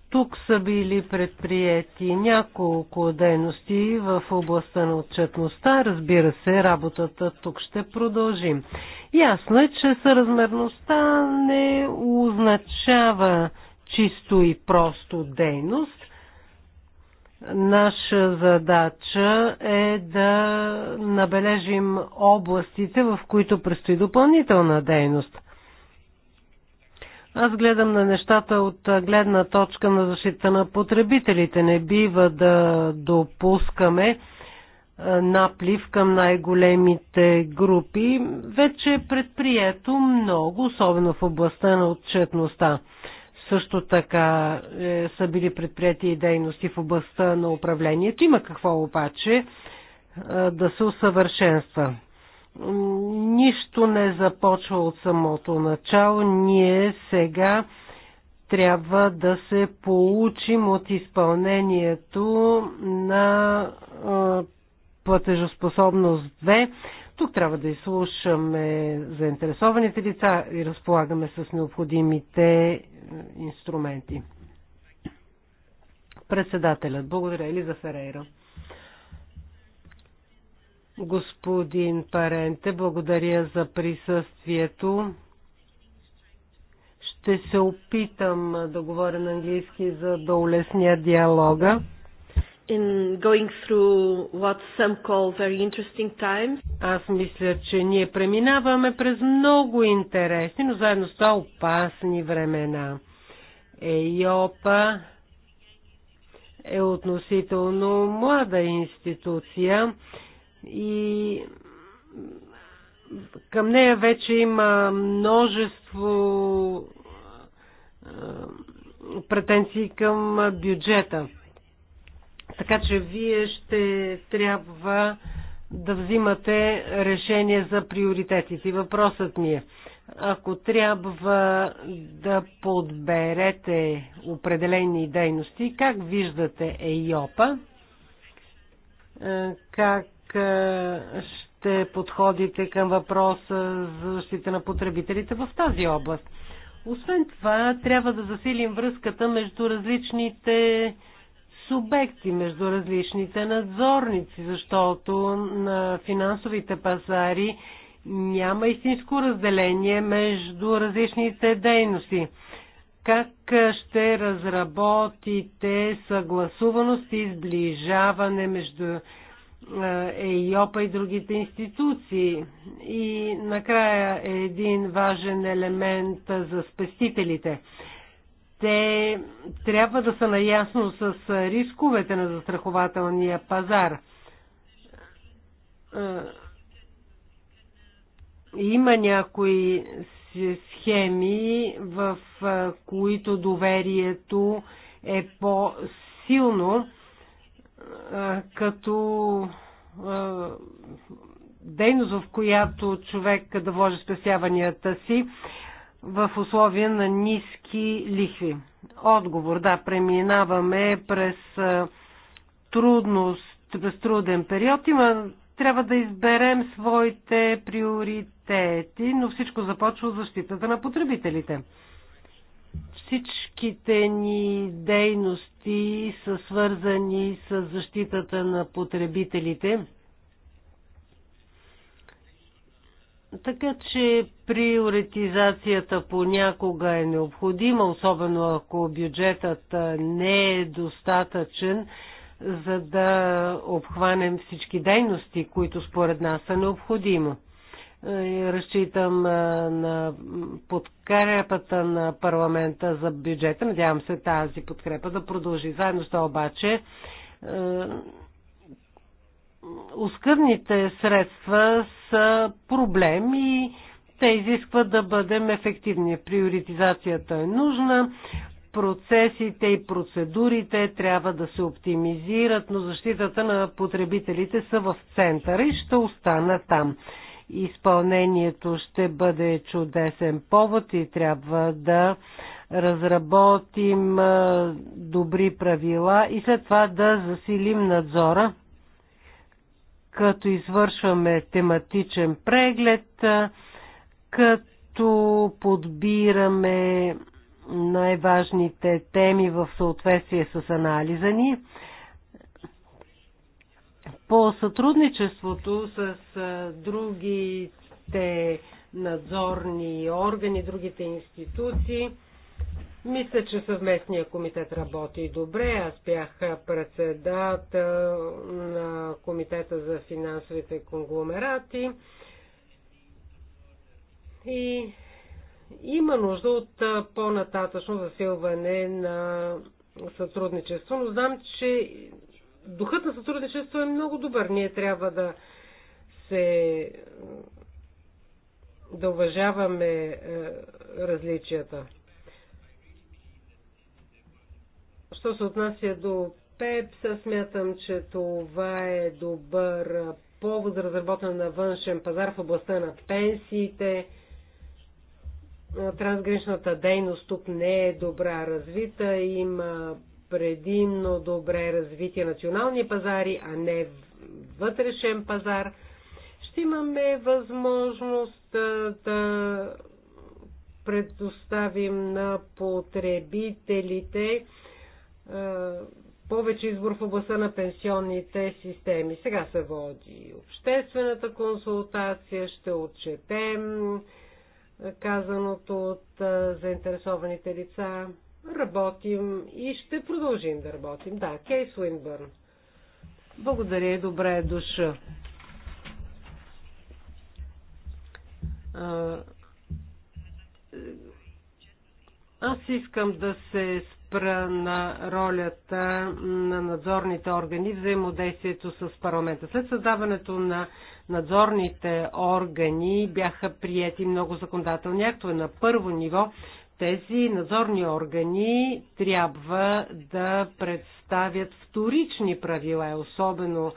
Тук са били предприяти няколко дейности в областта на отчетността. Разбира се, работата тук ще продължим. Ясно е, че съразмерността не означава чисто и просто дейност. Наша задача е да набележим областите, в които предстои допълнителна дейност. Аз гледам на нещата от гледна точка на защита на потребителите. Не бива да допускаме е, наплив към най-големите групи. Вече е предприето много, особено в областта на отчетността. Също така е, са били предприяти и дейности в областта на управлението. Има какво обаче е, да се усъвършенства. Нищо не започва от самото начало. Ние сега трябва да се получим от изпълнението на е, платежоспособност 2. Тук трябва да изслушаме заинтересованите лица и разполагаме с необходимите инструменти. Председателят. Благодаря, Елиза Ферейра. Господин Паренте, благодаря за присъствието. Ще се опитам да говоря на английски, за да улесня диалога in going through what some call very interesting times. Аз мисля, че ние преминаваме през много интересни, но заедно с това опасни времена. ЕЙОПА е относително млада институция и към нея вече има множество претенции към бюджета. Така че вие ще трябва да взимате решение за приоритетите. Въпросът ми е, ако трябва да подберете определени дейности, как виждате ЕИОПа? Е, как е, ще подходите към въпроса за защита на потребителите в тази област? Освен това, трябва да засилим връзката между различните субекти, между различните надзорници, защото на финансовите пазари няма истинско разделение между различните дейности. Как ще разработите съгласуваност и сближаване между ЕИОПа и другите институции? И накрая е един важен елемент за спестителите – те трябва да са наясно с рисковете на застрахователния пазар. Има някои схеми, в които доверието е по-силно, като дейност, в която човек да вложи спасяванията си в условия на ниски лихви? Отговор, да, преминаваме през трудност, през труден период. Има, трябва да изберем своите приоритети, но всичко започва от защитата на потребителите. Всичките ни дейности са свързани с защитата на потребителите – Така че приоритизацията понякога е необходима, особено ако бюджетът не е достатъчен, за да обхванем всички дейности, които според нас са необходимо. Разчитам на подкрепата на парламента за бюджета. Надявам се тази подкрепа да продължи. Заедно с това обаче оскъдните средства са проблем и те изискват да бъдем ефективни. Приоритизацията е нужна, процесите и процедурите трябва да се оптимизират, но защитата на потребителите са в центъра и ще остана там. Изпълнението ще бъде чудесен повод и трябва да разработим добри правила и след това да засилим надзора като извършваме тематичен преглед, като подбираме най-важните теми в съответствие с анализа ни. По сътрудничеството с другите надзорни органи, другите институции, мисля, че съвместния комитет работи добре. Аз бях председател на комитета за финансовите конгломерати и има нужда от по-нататъчно засилване на сътрудничество, но знам, че духът на сътрудничество е много добър. Ние трябва да се да уважаваме различията. Що се отнася до ПЕПС, смятам, че това е добър повод за разработване на външен пазар в областта на пенсиите. Трансграничната дейност тук не е добра развита, има предимно добре развитие национални пазари, а не вътрешен пазар. Ще имаме възможност да предоставим на потребителите е, повече избор в областта на пенсионните системи. Сега се води обществената консултация, ще отчетем е, казаното от е, заинтересованите лица. Работим и ще продължим да работим. Да, Кейс Уинбърн. Благодаря и добре е душа. Аз искам да се спра на ролята на надзорните органи в взаимодействието с парламента. След създаването на надзорните органи бяха приети много законодателни актове. На първо ниво тези надзорни органи трябва да представят вторични правила, особено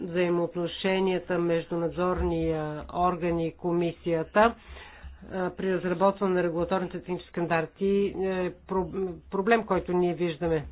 взаимоотношенията между надзорния органи и комисията при разработване на регулаторните технически стандарти е проблем, който ние виждаме.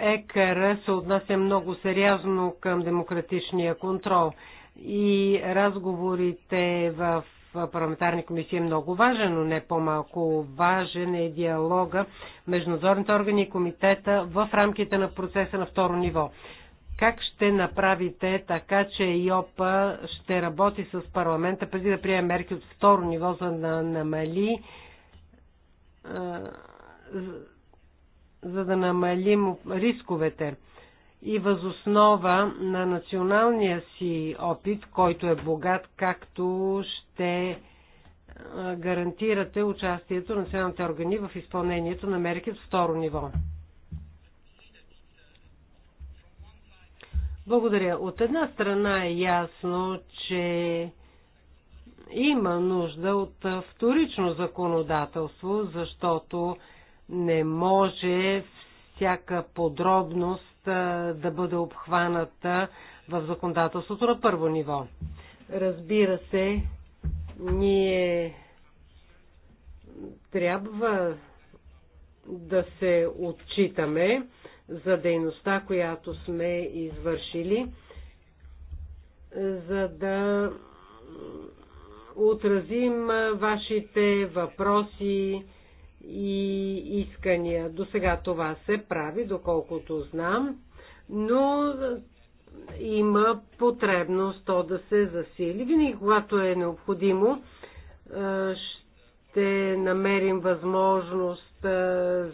ЕКР се отнася много сериозно към демократичния контрол и разговорите в парламентарни комисии е много важен, но не по-малко важен е диалога между надзорните органи и комитета в рамките на процеса на второ ниво. Как ще направите така, че ИОП ще работи с парламента преди да приеме мерки от второ ниво за да намали за да намалим рисковете? и възоснова на националния си опит, който е богат, както ще гарантирате участието на националните органи в изпълнението на мерки от второ ниво. Благодаря. От една страна е ясно, че има нужда от вторично законодателство, защото не може всяка подробност да бъде обхваната в законодателството на първо ниво. Разбира се, ние трябва да се отчитаме за дейността, която сме извършили, за да отразим вашите въпроси и искания. До сега това се прави, доколкото знам, но има потребност то да се засили. Винаги, когато е необходимо, ще намерим възможност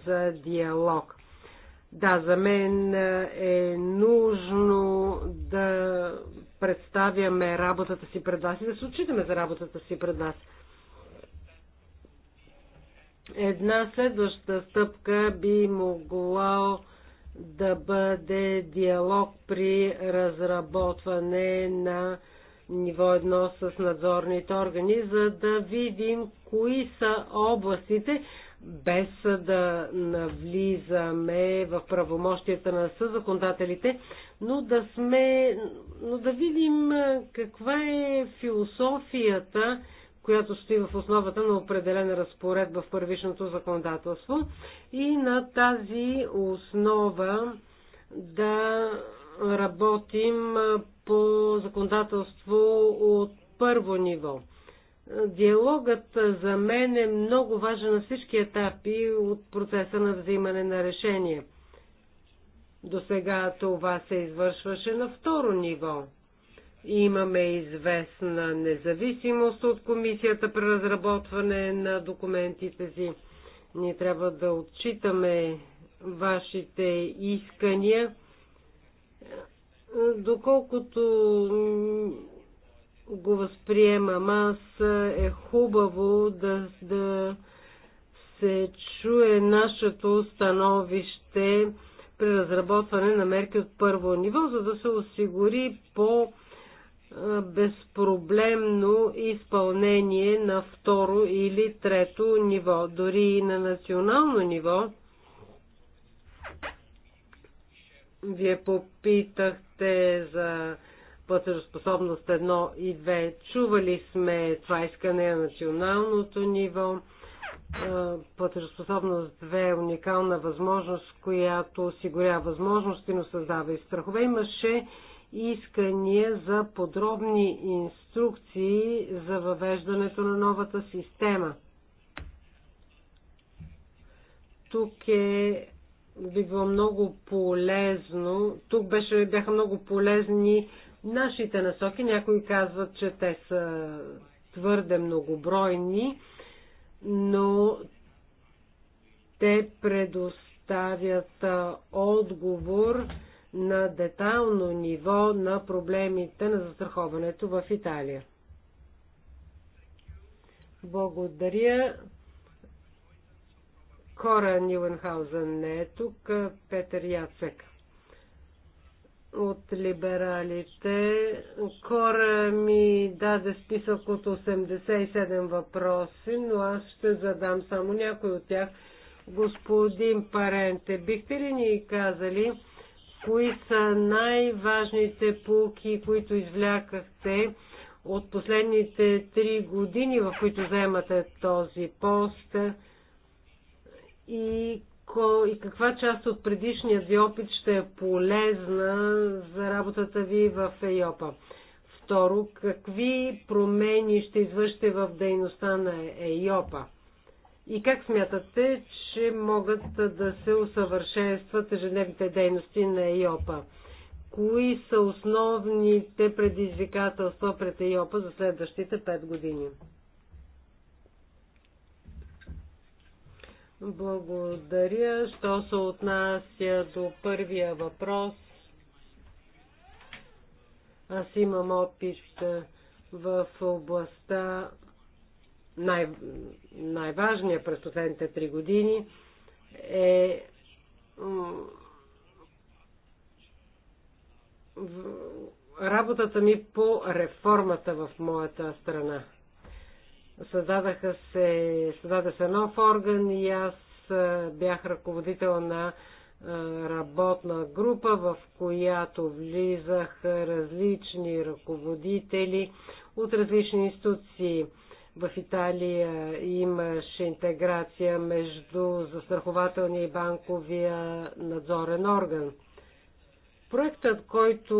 за диалог. Да, за мен е, е нужно да представяме работата си пред вас и да се отчитаме за работата си пред вас. Една следваща стъпка би могла да бъде диалог при разработване на ниво едно с надзорните органи, за да видим кои са областите, без да навлизаме в правомощията на съзаконодателите, но да сме, но да видим каква е философията, която стои в основата на определена разпоредба в първичното законодателство и на тази основа да работим по законодателство от първо ниво. Диалогът за мен е много важен на всички етапи от процеса на взимане на решение. До сега това се извършваше на второ ниво. Имаме известна независимост от комисията при разработване на документите си. Ние трябва да отчитаме вашите искания. Доколкото го възприемам. Аз е, е хубаво да, да се чуе нашето становище при разработване на мерки от първо ниво, за да се осигури по е, безпроблемно изпълнение на второ или трето ниво, дори и на национално ниво. Вие попитахте за платежоспособност 1 и 2. Чували сме това искане на националното ниво. Платежоспособност 2 е уникална възможност, която осигурява възможности, но създава и страхове. Имаше искания за подробни инструкции за въвеждането на новата система. Тук е би било много полезно. Тук беше, бяха много полезни Нашите насоки, някои казват, че те са твърде многобройни, но те предоставят отговор на детално ниво на проблемите на застраховането в Италия. Благодаря. Кора Нюенхаузен не е тук. Петър Яцек от либералите. Кора ми даде списък от 87 въпроси, но аз ще задам само някой от тях. Господин Паренте, бихте ли ни казали кои са най-важните полки, които извлякахте от последните три години, в които заемате този пост и и каква част от предишния ви опит ще е полезна за работата ви в ЕЙОПА? Второ, какви промени ще извършите в дейността на ЕЙОПА? И как смятате, че могат да се усъвършенстват ежедневните дейности на ЕЙОПА? Кои са основните предизвикателства пред ЕЙОПА за следващите 5 години? Благодаря. Що се отнася до първия въпрос, аз имам опит в областта най- най-важния през последните три години е работата ми по реформата в моята страна. Създадаха се, създаде се нов орган и аз бях ръководител на работна група, в която влизах различни ръководители от различни институции. В Италия имаше интеграция между застрахователния и банковия надзорен орган. Проектът, който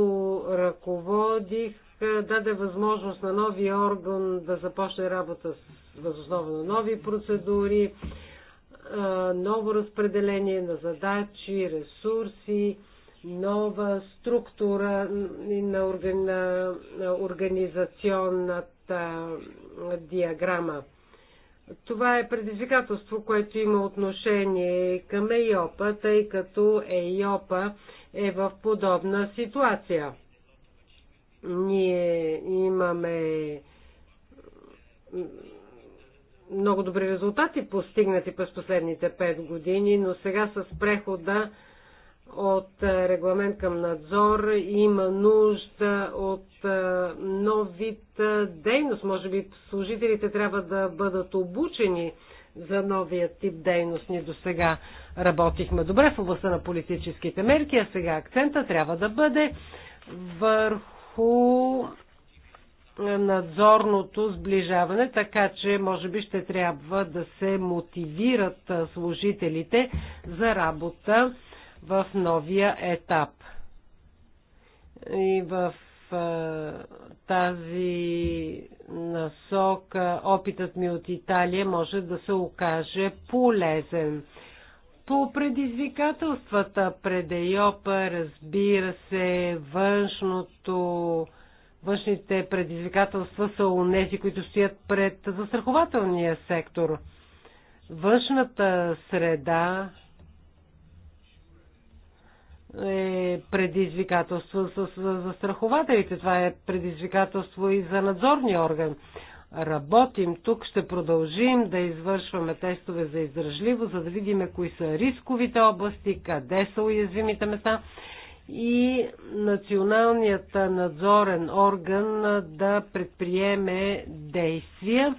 ръководих, е, даде възможност на новия орган да започне работа с възоснова на нови процедури, е, ново разпределение на задачи, ресурси, нова структура на, организационната е, диаграма. Това е предизвикателство, което има отношение към ЕЙОПА, тъй като ЕЙОПА е в подобна ситуация. Ние имаме много добри резултати постигнати през последните 5 години, но сега с прехода от е, регламент към надзор има нужда от е, нов вид е, дейност. Може би служителите трябва да бъдат обучени за новия тип дейност. Ние до сега работихме добре в областта на политическите мерки, а сега акцента трябва да бъде върху върху надзорното сближаване, така че може би ще трябва да се мотивират служителите за работа в новия етап. И в тази насока опитът ми от Италия може да се окаже полезен по предизвикателствата пред ЕОПа, разбира се, външното, външните предизвикателства са унези, които стоят пред застрахователния сектор. Външната среда е предизвикателство с застрахователите. Това е предизвикателство и за надзорния орган работим тук, ще продължим да извършваме тестове за издръжливо, за да видим кои са рисковите области, къде са уязвимите места и националният надзорен орган да предприеме действия,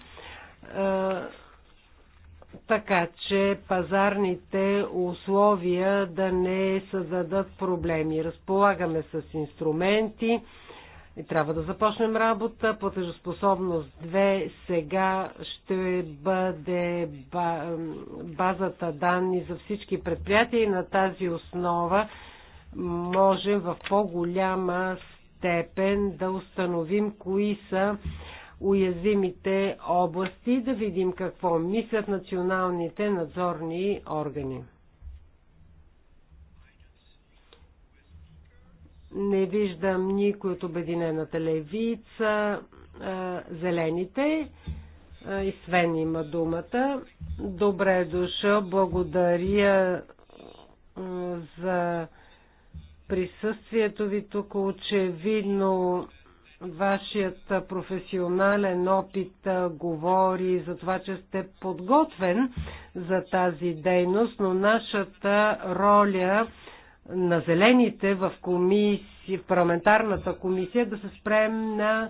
така че пазарните условия да не създадат проблеми. Разполагаме с инструменти, и трябва да започнем работа. Платежоспособност 2 сега ще бъде базата данни за всички предприятия и на тази основа можем в по-голяма степен да установим кои са уязвимите области и да видим какво мислят националните надзорни органи. Не виждам никой от Обединената левица, зелените. И Свен има думата. Добре е Благодаря за присъствието ви тук. Очевидно вашият професионален опит говори за това, че сте подготвен за тази дейност, но нашата роля на зелените в, комисия, в парламентарната комисия да се спрем на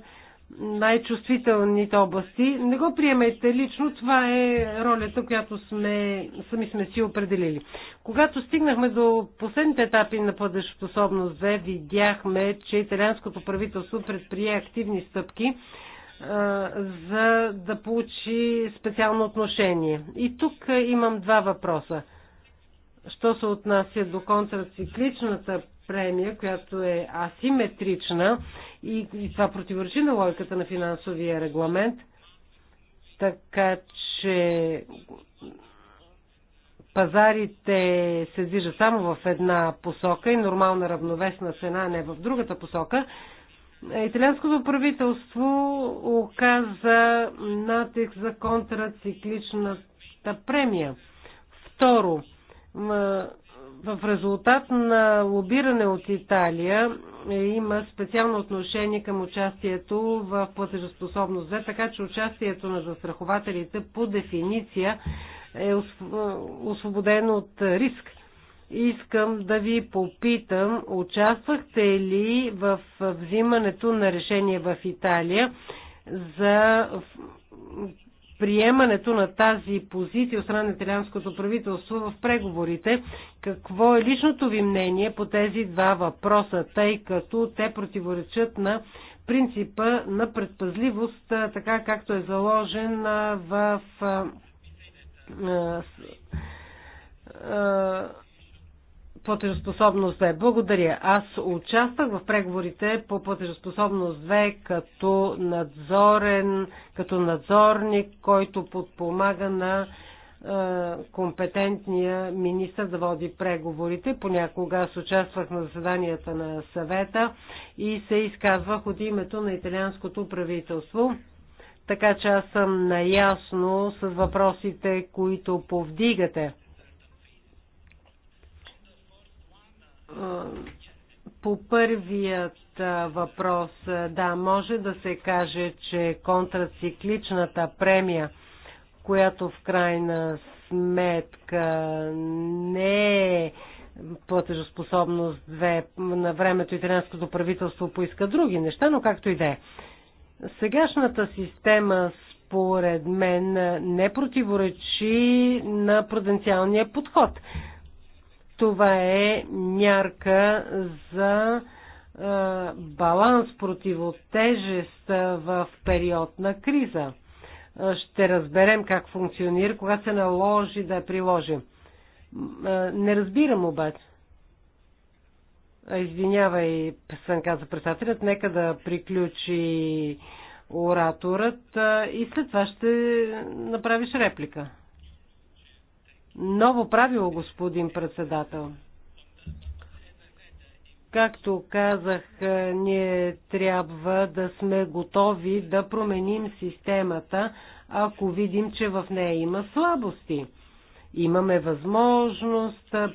най-чувствителните области. Не го приемайте лично, това е ролята, която сме, сами сме си определили. Когато стигнахме до последните етапи на платежоспособност 2, видяхме, че италианското правителство предприе активни стъпки за да получи специално отношение. И тук имам два въпроса – Що се отнася до контрацикличната премия, която е асиметрична и, и това противоречи на логиката на финансовия регламент, така че пазарите се движат само в една посока и нормална равновесна цена не в другата посока, Италианското правителство оказа натиск за контрацикличната премия. Второ, в резултат на лобиране от Италия е, има специално отношение към участието в платежеспособност 2, така че участието на застрахователите по дефиниция е, е освободено от риск. Искам да ви попитам, участвахте ли в взимането на решение в Италия за приемането на тази позиция от страна на италианското правителство в преговорите. Какво е личното ви мнение по тези два въпроса, тъй като те противоречат на принципа на предпазливост, така както е заложен в платежоспособност 2. Благодаря. Аз участвах в преговорите по платежоспособност 2 като надзорен, като надзорник, който подпомага на е, компетентния министр да води преговорите. Понякога аз участвах на заседанията на съвета и се изказвах от името на италианското правителство. Така че аз съм наясно с въпросите, които повдигате. По първият въпрос, да, може да се каже, че контрацикличната премия, която в крайна сметка не е платежоспособност две на времето и италианското правителство поиска други неща, но както и да е. Сегашната система според мен не противоречи на пруденциалния подход. Това е мярка за баланс противотежест в период на криза. Ще разберем как функционира, кога се наложи да я приложим. Не разбирам обаче. Извинявай, съм каза председателят, нека да приключи ораторът и след това ще направиш реплика ново правило, господин председател. Както казах, е, ние трябва да сме готови да променим системата, ако видим, че в нея има слабости. Имаме възможност, е,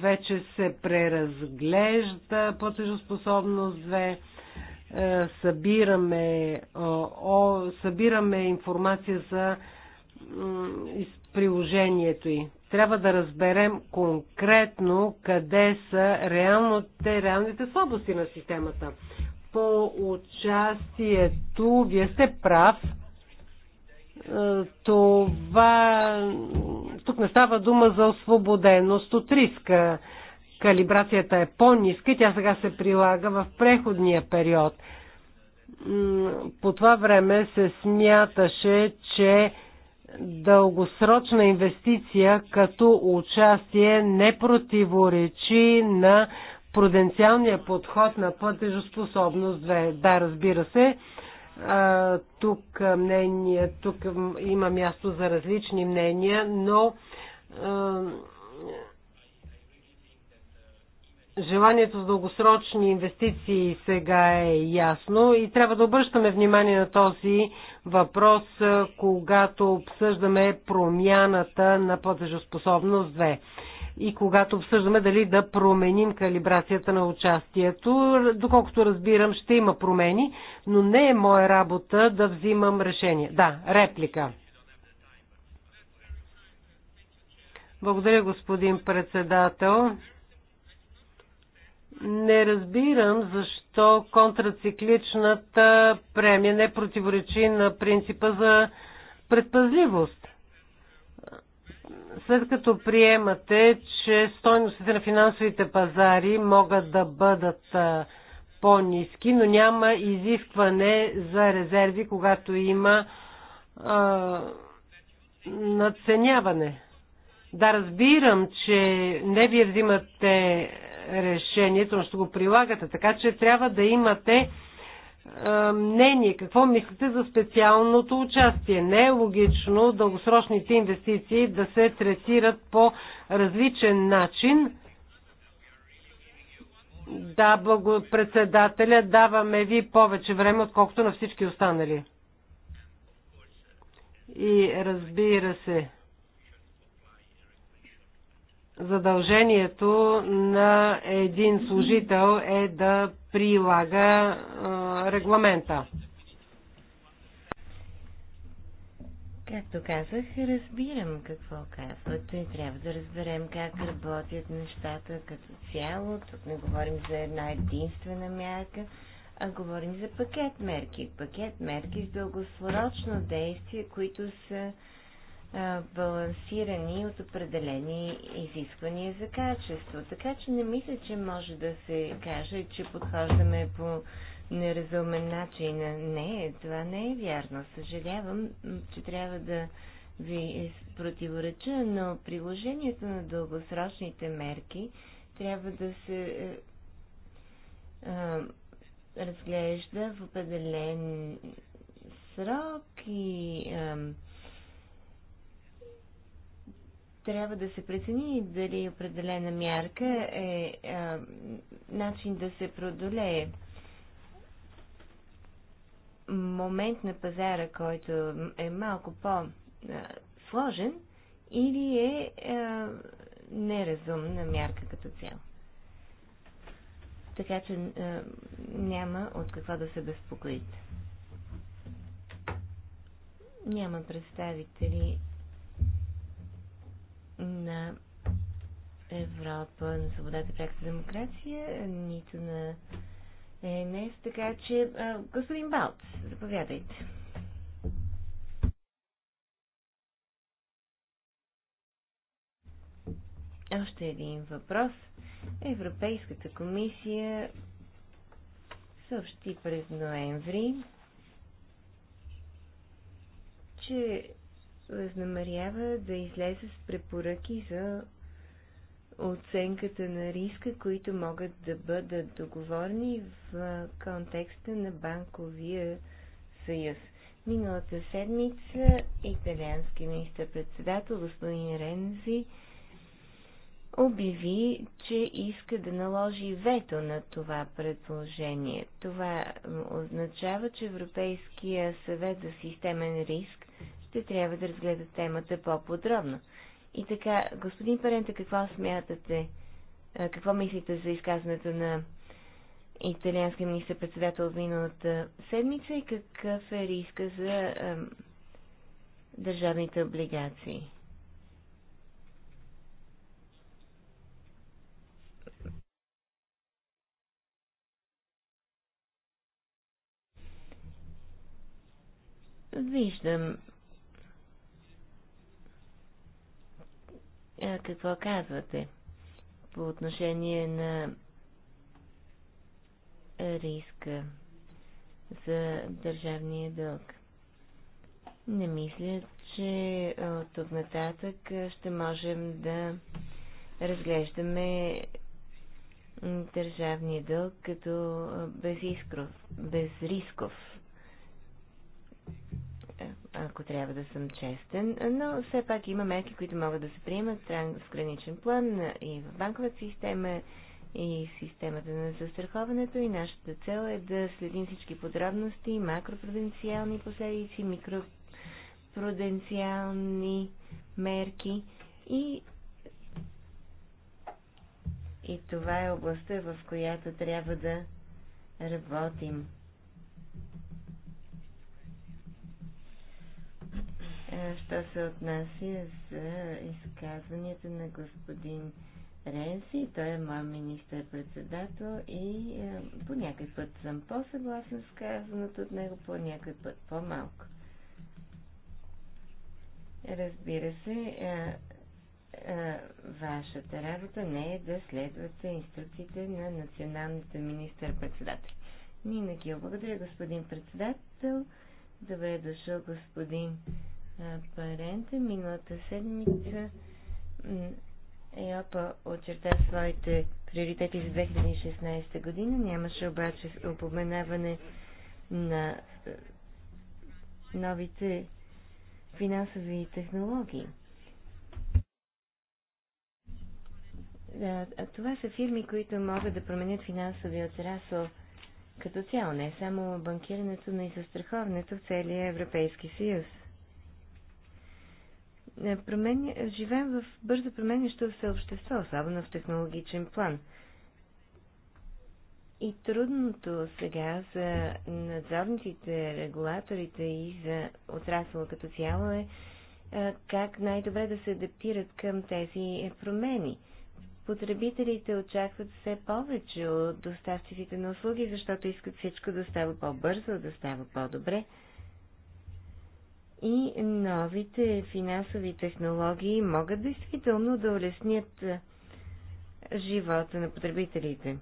вече се преразглежда платежоспособност 2 е, събираме, о, събираме информация за приложението й. Трябва да разберем конкретно къде са реалните, реалните слабости на системата. По участието, вие сте прав, е, това... Тук не става дума за освободеност от риска. Калибрацията е по-ниска и тя сега се прилага в преходния период. По това време се смяташе, че дългосрочна инвестиция като участие не противоречи на пруденциалния подход на платежоспособност 2. Да, разбира се, тук, мнение, тук има място за различни мнения, но Желанието за дългосрочни инвестиции сега е ясно и трябва да обръщаме внимание на този въпрос, когато обсъждаме промяната на платежоспособност 2 и когато обсъждаме дали да променим калибрацията на участието. Доколкото разбирам, ще има промени, но не е моя работа да взимам решение. Да, реплика. Благодаря, господин председател. Не разбирам защо контрацикличната премия не противоречи на принципа за предпазливост. След като приемате, че стойностите на финансовите пазари могат да бъдат по-низки, но няма изискване за резерви, когато има а, надценяване. Да, разбирам, че не вие взимате решението, но ще го прилагате. Така че трябва да имате е, мнение, какво мислите за специалното участие. Не е логично дългосрочните инвестиции да се третират по различен начин. Да, благо, председателя, даваме ви повече време, отколкото на всички останали. И разбира се, задължението на един служител е да прилага регламента. Както казах, разбирам какво казвате. Трябва да разберем как работят нещата като цяло. Тук не говорим за една единствена мярка, а говорим за пакет мерки. Пакет мерки с дългосрочно действие, които са балансирани от определени изисквания за качество. Така че не мисля, че може да се каже, че подхождаме по неразумен начин. Не, това не е вярно. Съжалявам, че трябва да ви противореча, но приложението на дългосрочните мерки трябва да се а, е, е, разглежда в определен срок и а, трябва да се прецени дали определена мярка е а, начин да се продолее момент на пазара, който е малко по-сложен или е а, неразумна мярка като цяло. Така че а, няма от какво да се безпокоите. Няма представители на Европа, на свободата, пряката демокрация, нито на ЕНС. Така че, господин Балт, заповядайте. Още един въпрос. Европейската комисия съобщи през ноември, че възнамерява да излезе с препоръки за оценката на риска, които могат да бъдат договорни в контекста на банковия съюз. Миналата седмица италиански министър-председател господин Рензи обяви, че иска да наложи вето на това предложение. Това означава, че Европейския съвет за системен риск те трябва да разгледат темата по-подробно. И така, господин Парента, какво смятате, какво мислите за изказването на италианския министр-председател в миналата седмица и какъв е риска за държавните облигации? Виждам какво казвате по отношение на риска за държавния дълг. Не мисля, че от тук нататък ще можем да разглеждаме държавния дълг като безискров, безрисков ако трябва да съм честен, но все пак има мерки, които могат да се приемат в граничен план и в банковата система и системата на застраховането и нашата цел е да следим всички подробности, макропруденциални последици, микропруденциални мерки и и това е областта, в която трябва да работим. Е, що се отнася за изказванията на господин Ренси. Той е мой министър-председател и е, по някой път съм по-съгласен с казаното от него, по някой път по-малко. Разбира се, е, е, вашата работа не е да следвате инструкциите на националните министър-председатели. Нина Кил, благодаря господин председател. Добре е дошъл господин парента. Миналата седмица ЕОПА очерта своите приоритети за 2016 година. Нямаше обаче упоменаване на е, новите финансови технологии. А това са фирми, които могат да променят финансовия отрасъл като цяло, не само банкирането, но и застраховането в целия Европейски съюз. Е, промени... живеем в бързо променящо се общество, особено в технологичен план. И трудното сега за надзорниците, регулаторите и за отрасъла като цяло е, е как най-добре да се адаптират към тези промени. Потребителите очакват все повече от доставчиците на услуги, защото искат всичко да става по-бързо, да става по-добре и новите финансови технологии могат действително да улеснят е, живота на потребителите.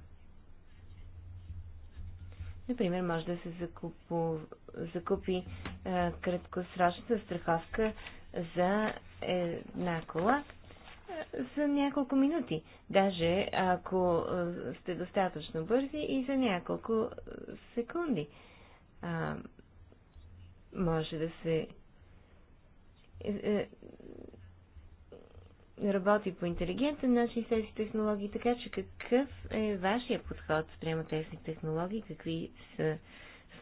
Например, може да се закупу, закупи е, краткосрочната страховка за една кола е, за няколко минути. Даже ако е, сте достатъчно бързи и за няколко секунди. Е, може да се е, е, работи по интелигентен начин с тези технологии, така че какъв е вашия подход спрямо тези технологии, какви са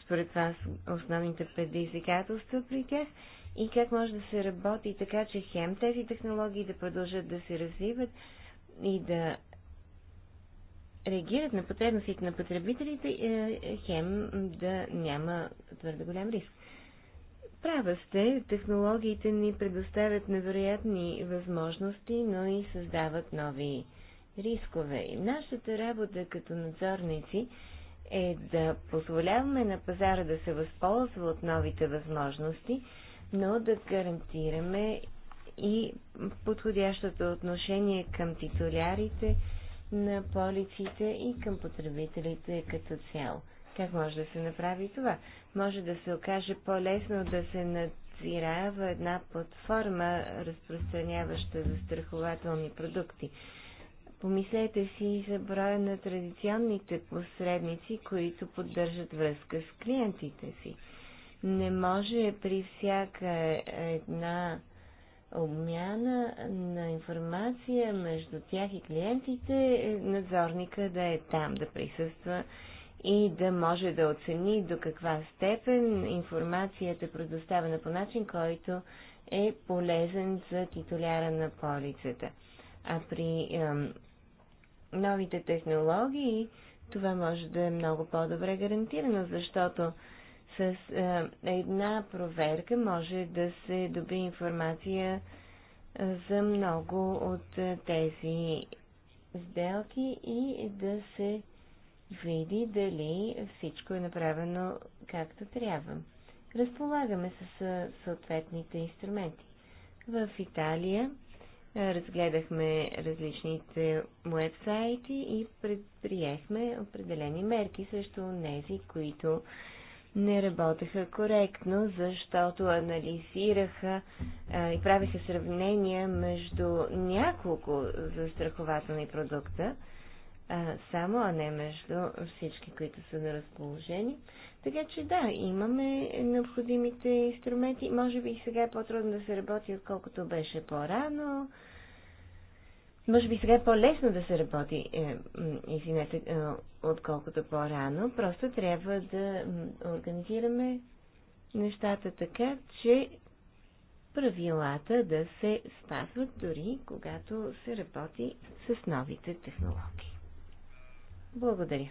според вас основните предизвикателства при тях и как може да се работи така, че хем тези технологии да продължат да се развиват и да реагират на потребностите на потребителите, е, хем да няма твърде голям риск. Права сте, технологиите ни предоставят невероятни възможности, но и създават нови рискове. И нашата работа като надзорници е да позволяваме на пазара да се възползва от новите възможности, но да гарантираме и подходящото отношение към титулярите на полиците и към потребителите като цяло. Как може да се направи това? може да се окаже по-лесно да се надзирава една платформа, разпространяваща застрахователни продукти. Помислете си за броя на традиционните посредници, които поддържат връзка с клиентите си. Не може при всяка една обмяна на информация между тях и клиентите надзорника да е там, да присъства и да може да оцени до каква степен информацията е предоставена по начин, който е полезен за титуляра на полицата. А при ем, новите технологии това може да е много по-добре гарантирано, защото с е, една проверка може да се добри информация за много от тези сделки и да се види дали всичко е направено както трябва. Разполагаме с съответните инструменти. В Италия разгледахме различните уебсайти и предприехме определени мерки срещу тези, които не работеха коректно, защото анализираха а, и правиха сравнения между няколко застрахователни продукта а, само, а не между всички, които са на разположение. Така че да, имаме необходимите инструменти. Може би сега е по-трудно да се работи, отколкото беше по-рано. Може би сега е по-лесно да се работи, е, извинете, е, отколкото по-рано. Просто трябва да организираме нещата така, че правилата да се спазват дори когато се работи с новите технологии. Благодаря.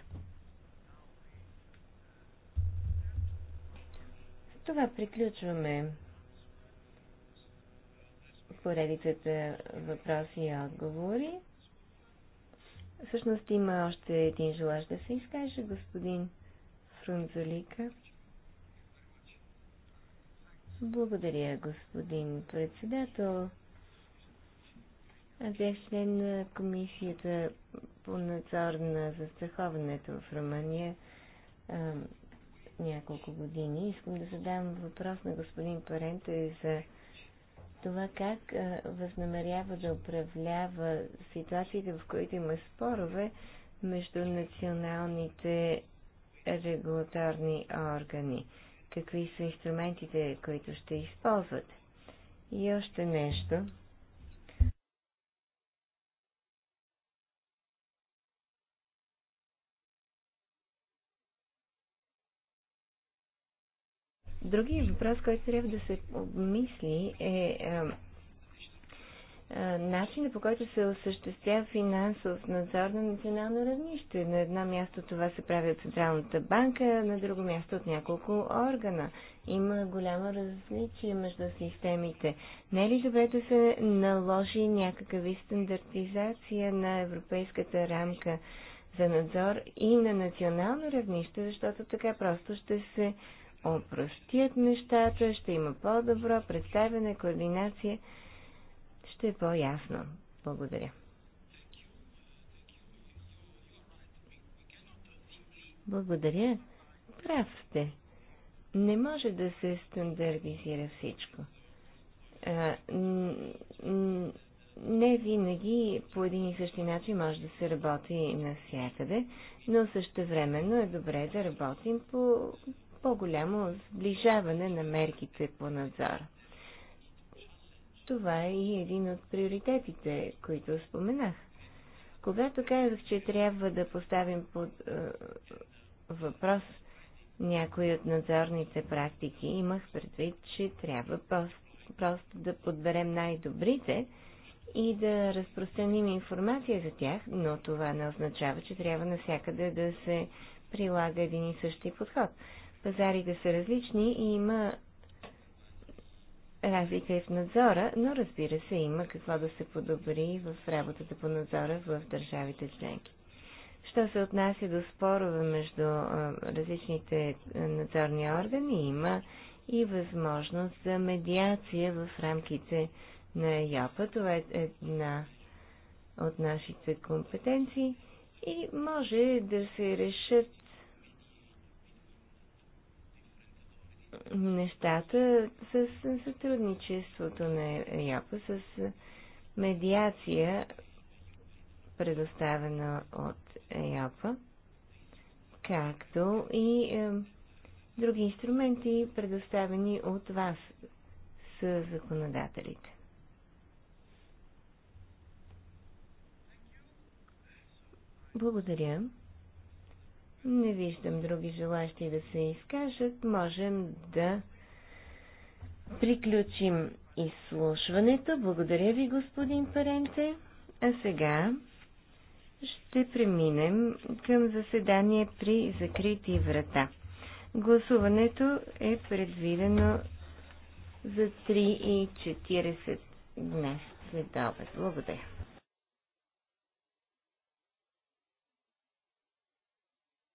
С това приключваме поредицата въпроси и отговори. Всъщност има още един желаж да се изкаже, господин Фрунзолика. Благодаря, господин председател. Аз бях член на комисията по надзор на застраховането в Румъния няколко години. Искам да задам въпрос на господин и за това как а, възнамерява да управлява ситуациите, в които има спорове между националните регулаторни органи. Какви са инструментите, които ще използвате? И още нещо – Другият въпрос, който трябва да се обмисли е, е, е начина по който се осъществява финансов надзор на национално равнище. На едно място това се прави от Централната банка, на друго място от няколко органа. Има голямо различие между системите. Не е ли добре да се наложи някакъв стандартизация на европейската рамка за надзор и на национално равнище, защото така просто ще се опростят нещата, ще има по-добро представяне, координация. Ще е по-ясно. Благодаря. Благодаря. Прав сте. Не може да се стандартизира всичко. А, не винаги по един и същи начин може да се работи навсякъде, но също времено е добре да работим по по-голямо сближаване на мерките по надзора. Това е и един от приоритетите, които споменах. Когато казах, че трябва да поставим под е, въпрос някои от надзорните практики, имах предвид, че трябва просто, просто да подберем най-добрите и да разпространим информация за тях, но това не означава, че трябва навсякъде да се прилага един и същи подход пазарите са различни и има разлика и в надзора, но разбира се, има какво да се подобри в работата по надзора в държавите членки. Що се отнася до спорове между различните надзорни органи, има и възможност за медиация в рамките на ЯПА. Това е една от нашите компетенции и може да се решат нещата с сътрудничеството на ЯПА, с медиация, предоставена от ЯПА, както и е, други инструменти, предоставени от вас, с законодателите. Благодаря. Не виждам други желащи да се изкажат. Можем да приключим изслушването. Благодаря ви, господин Паренте. А сега ще преминем към заседание при закрити врата. Гласуването е предвидено за 3.40 днес след обед. Благодаря.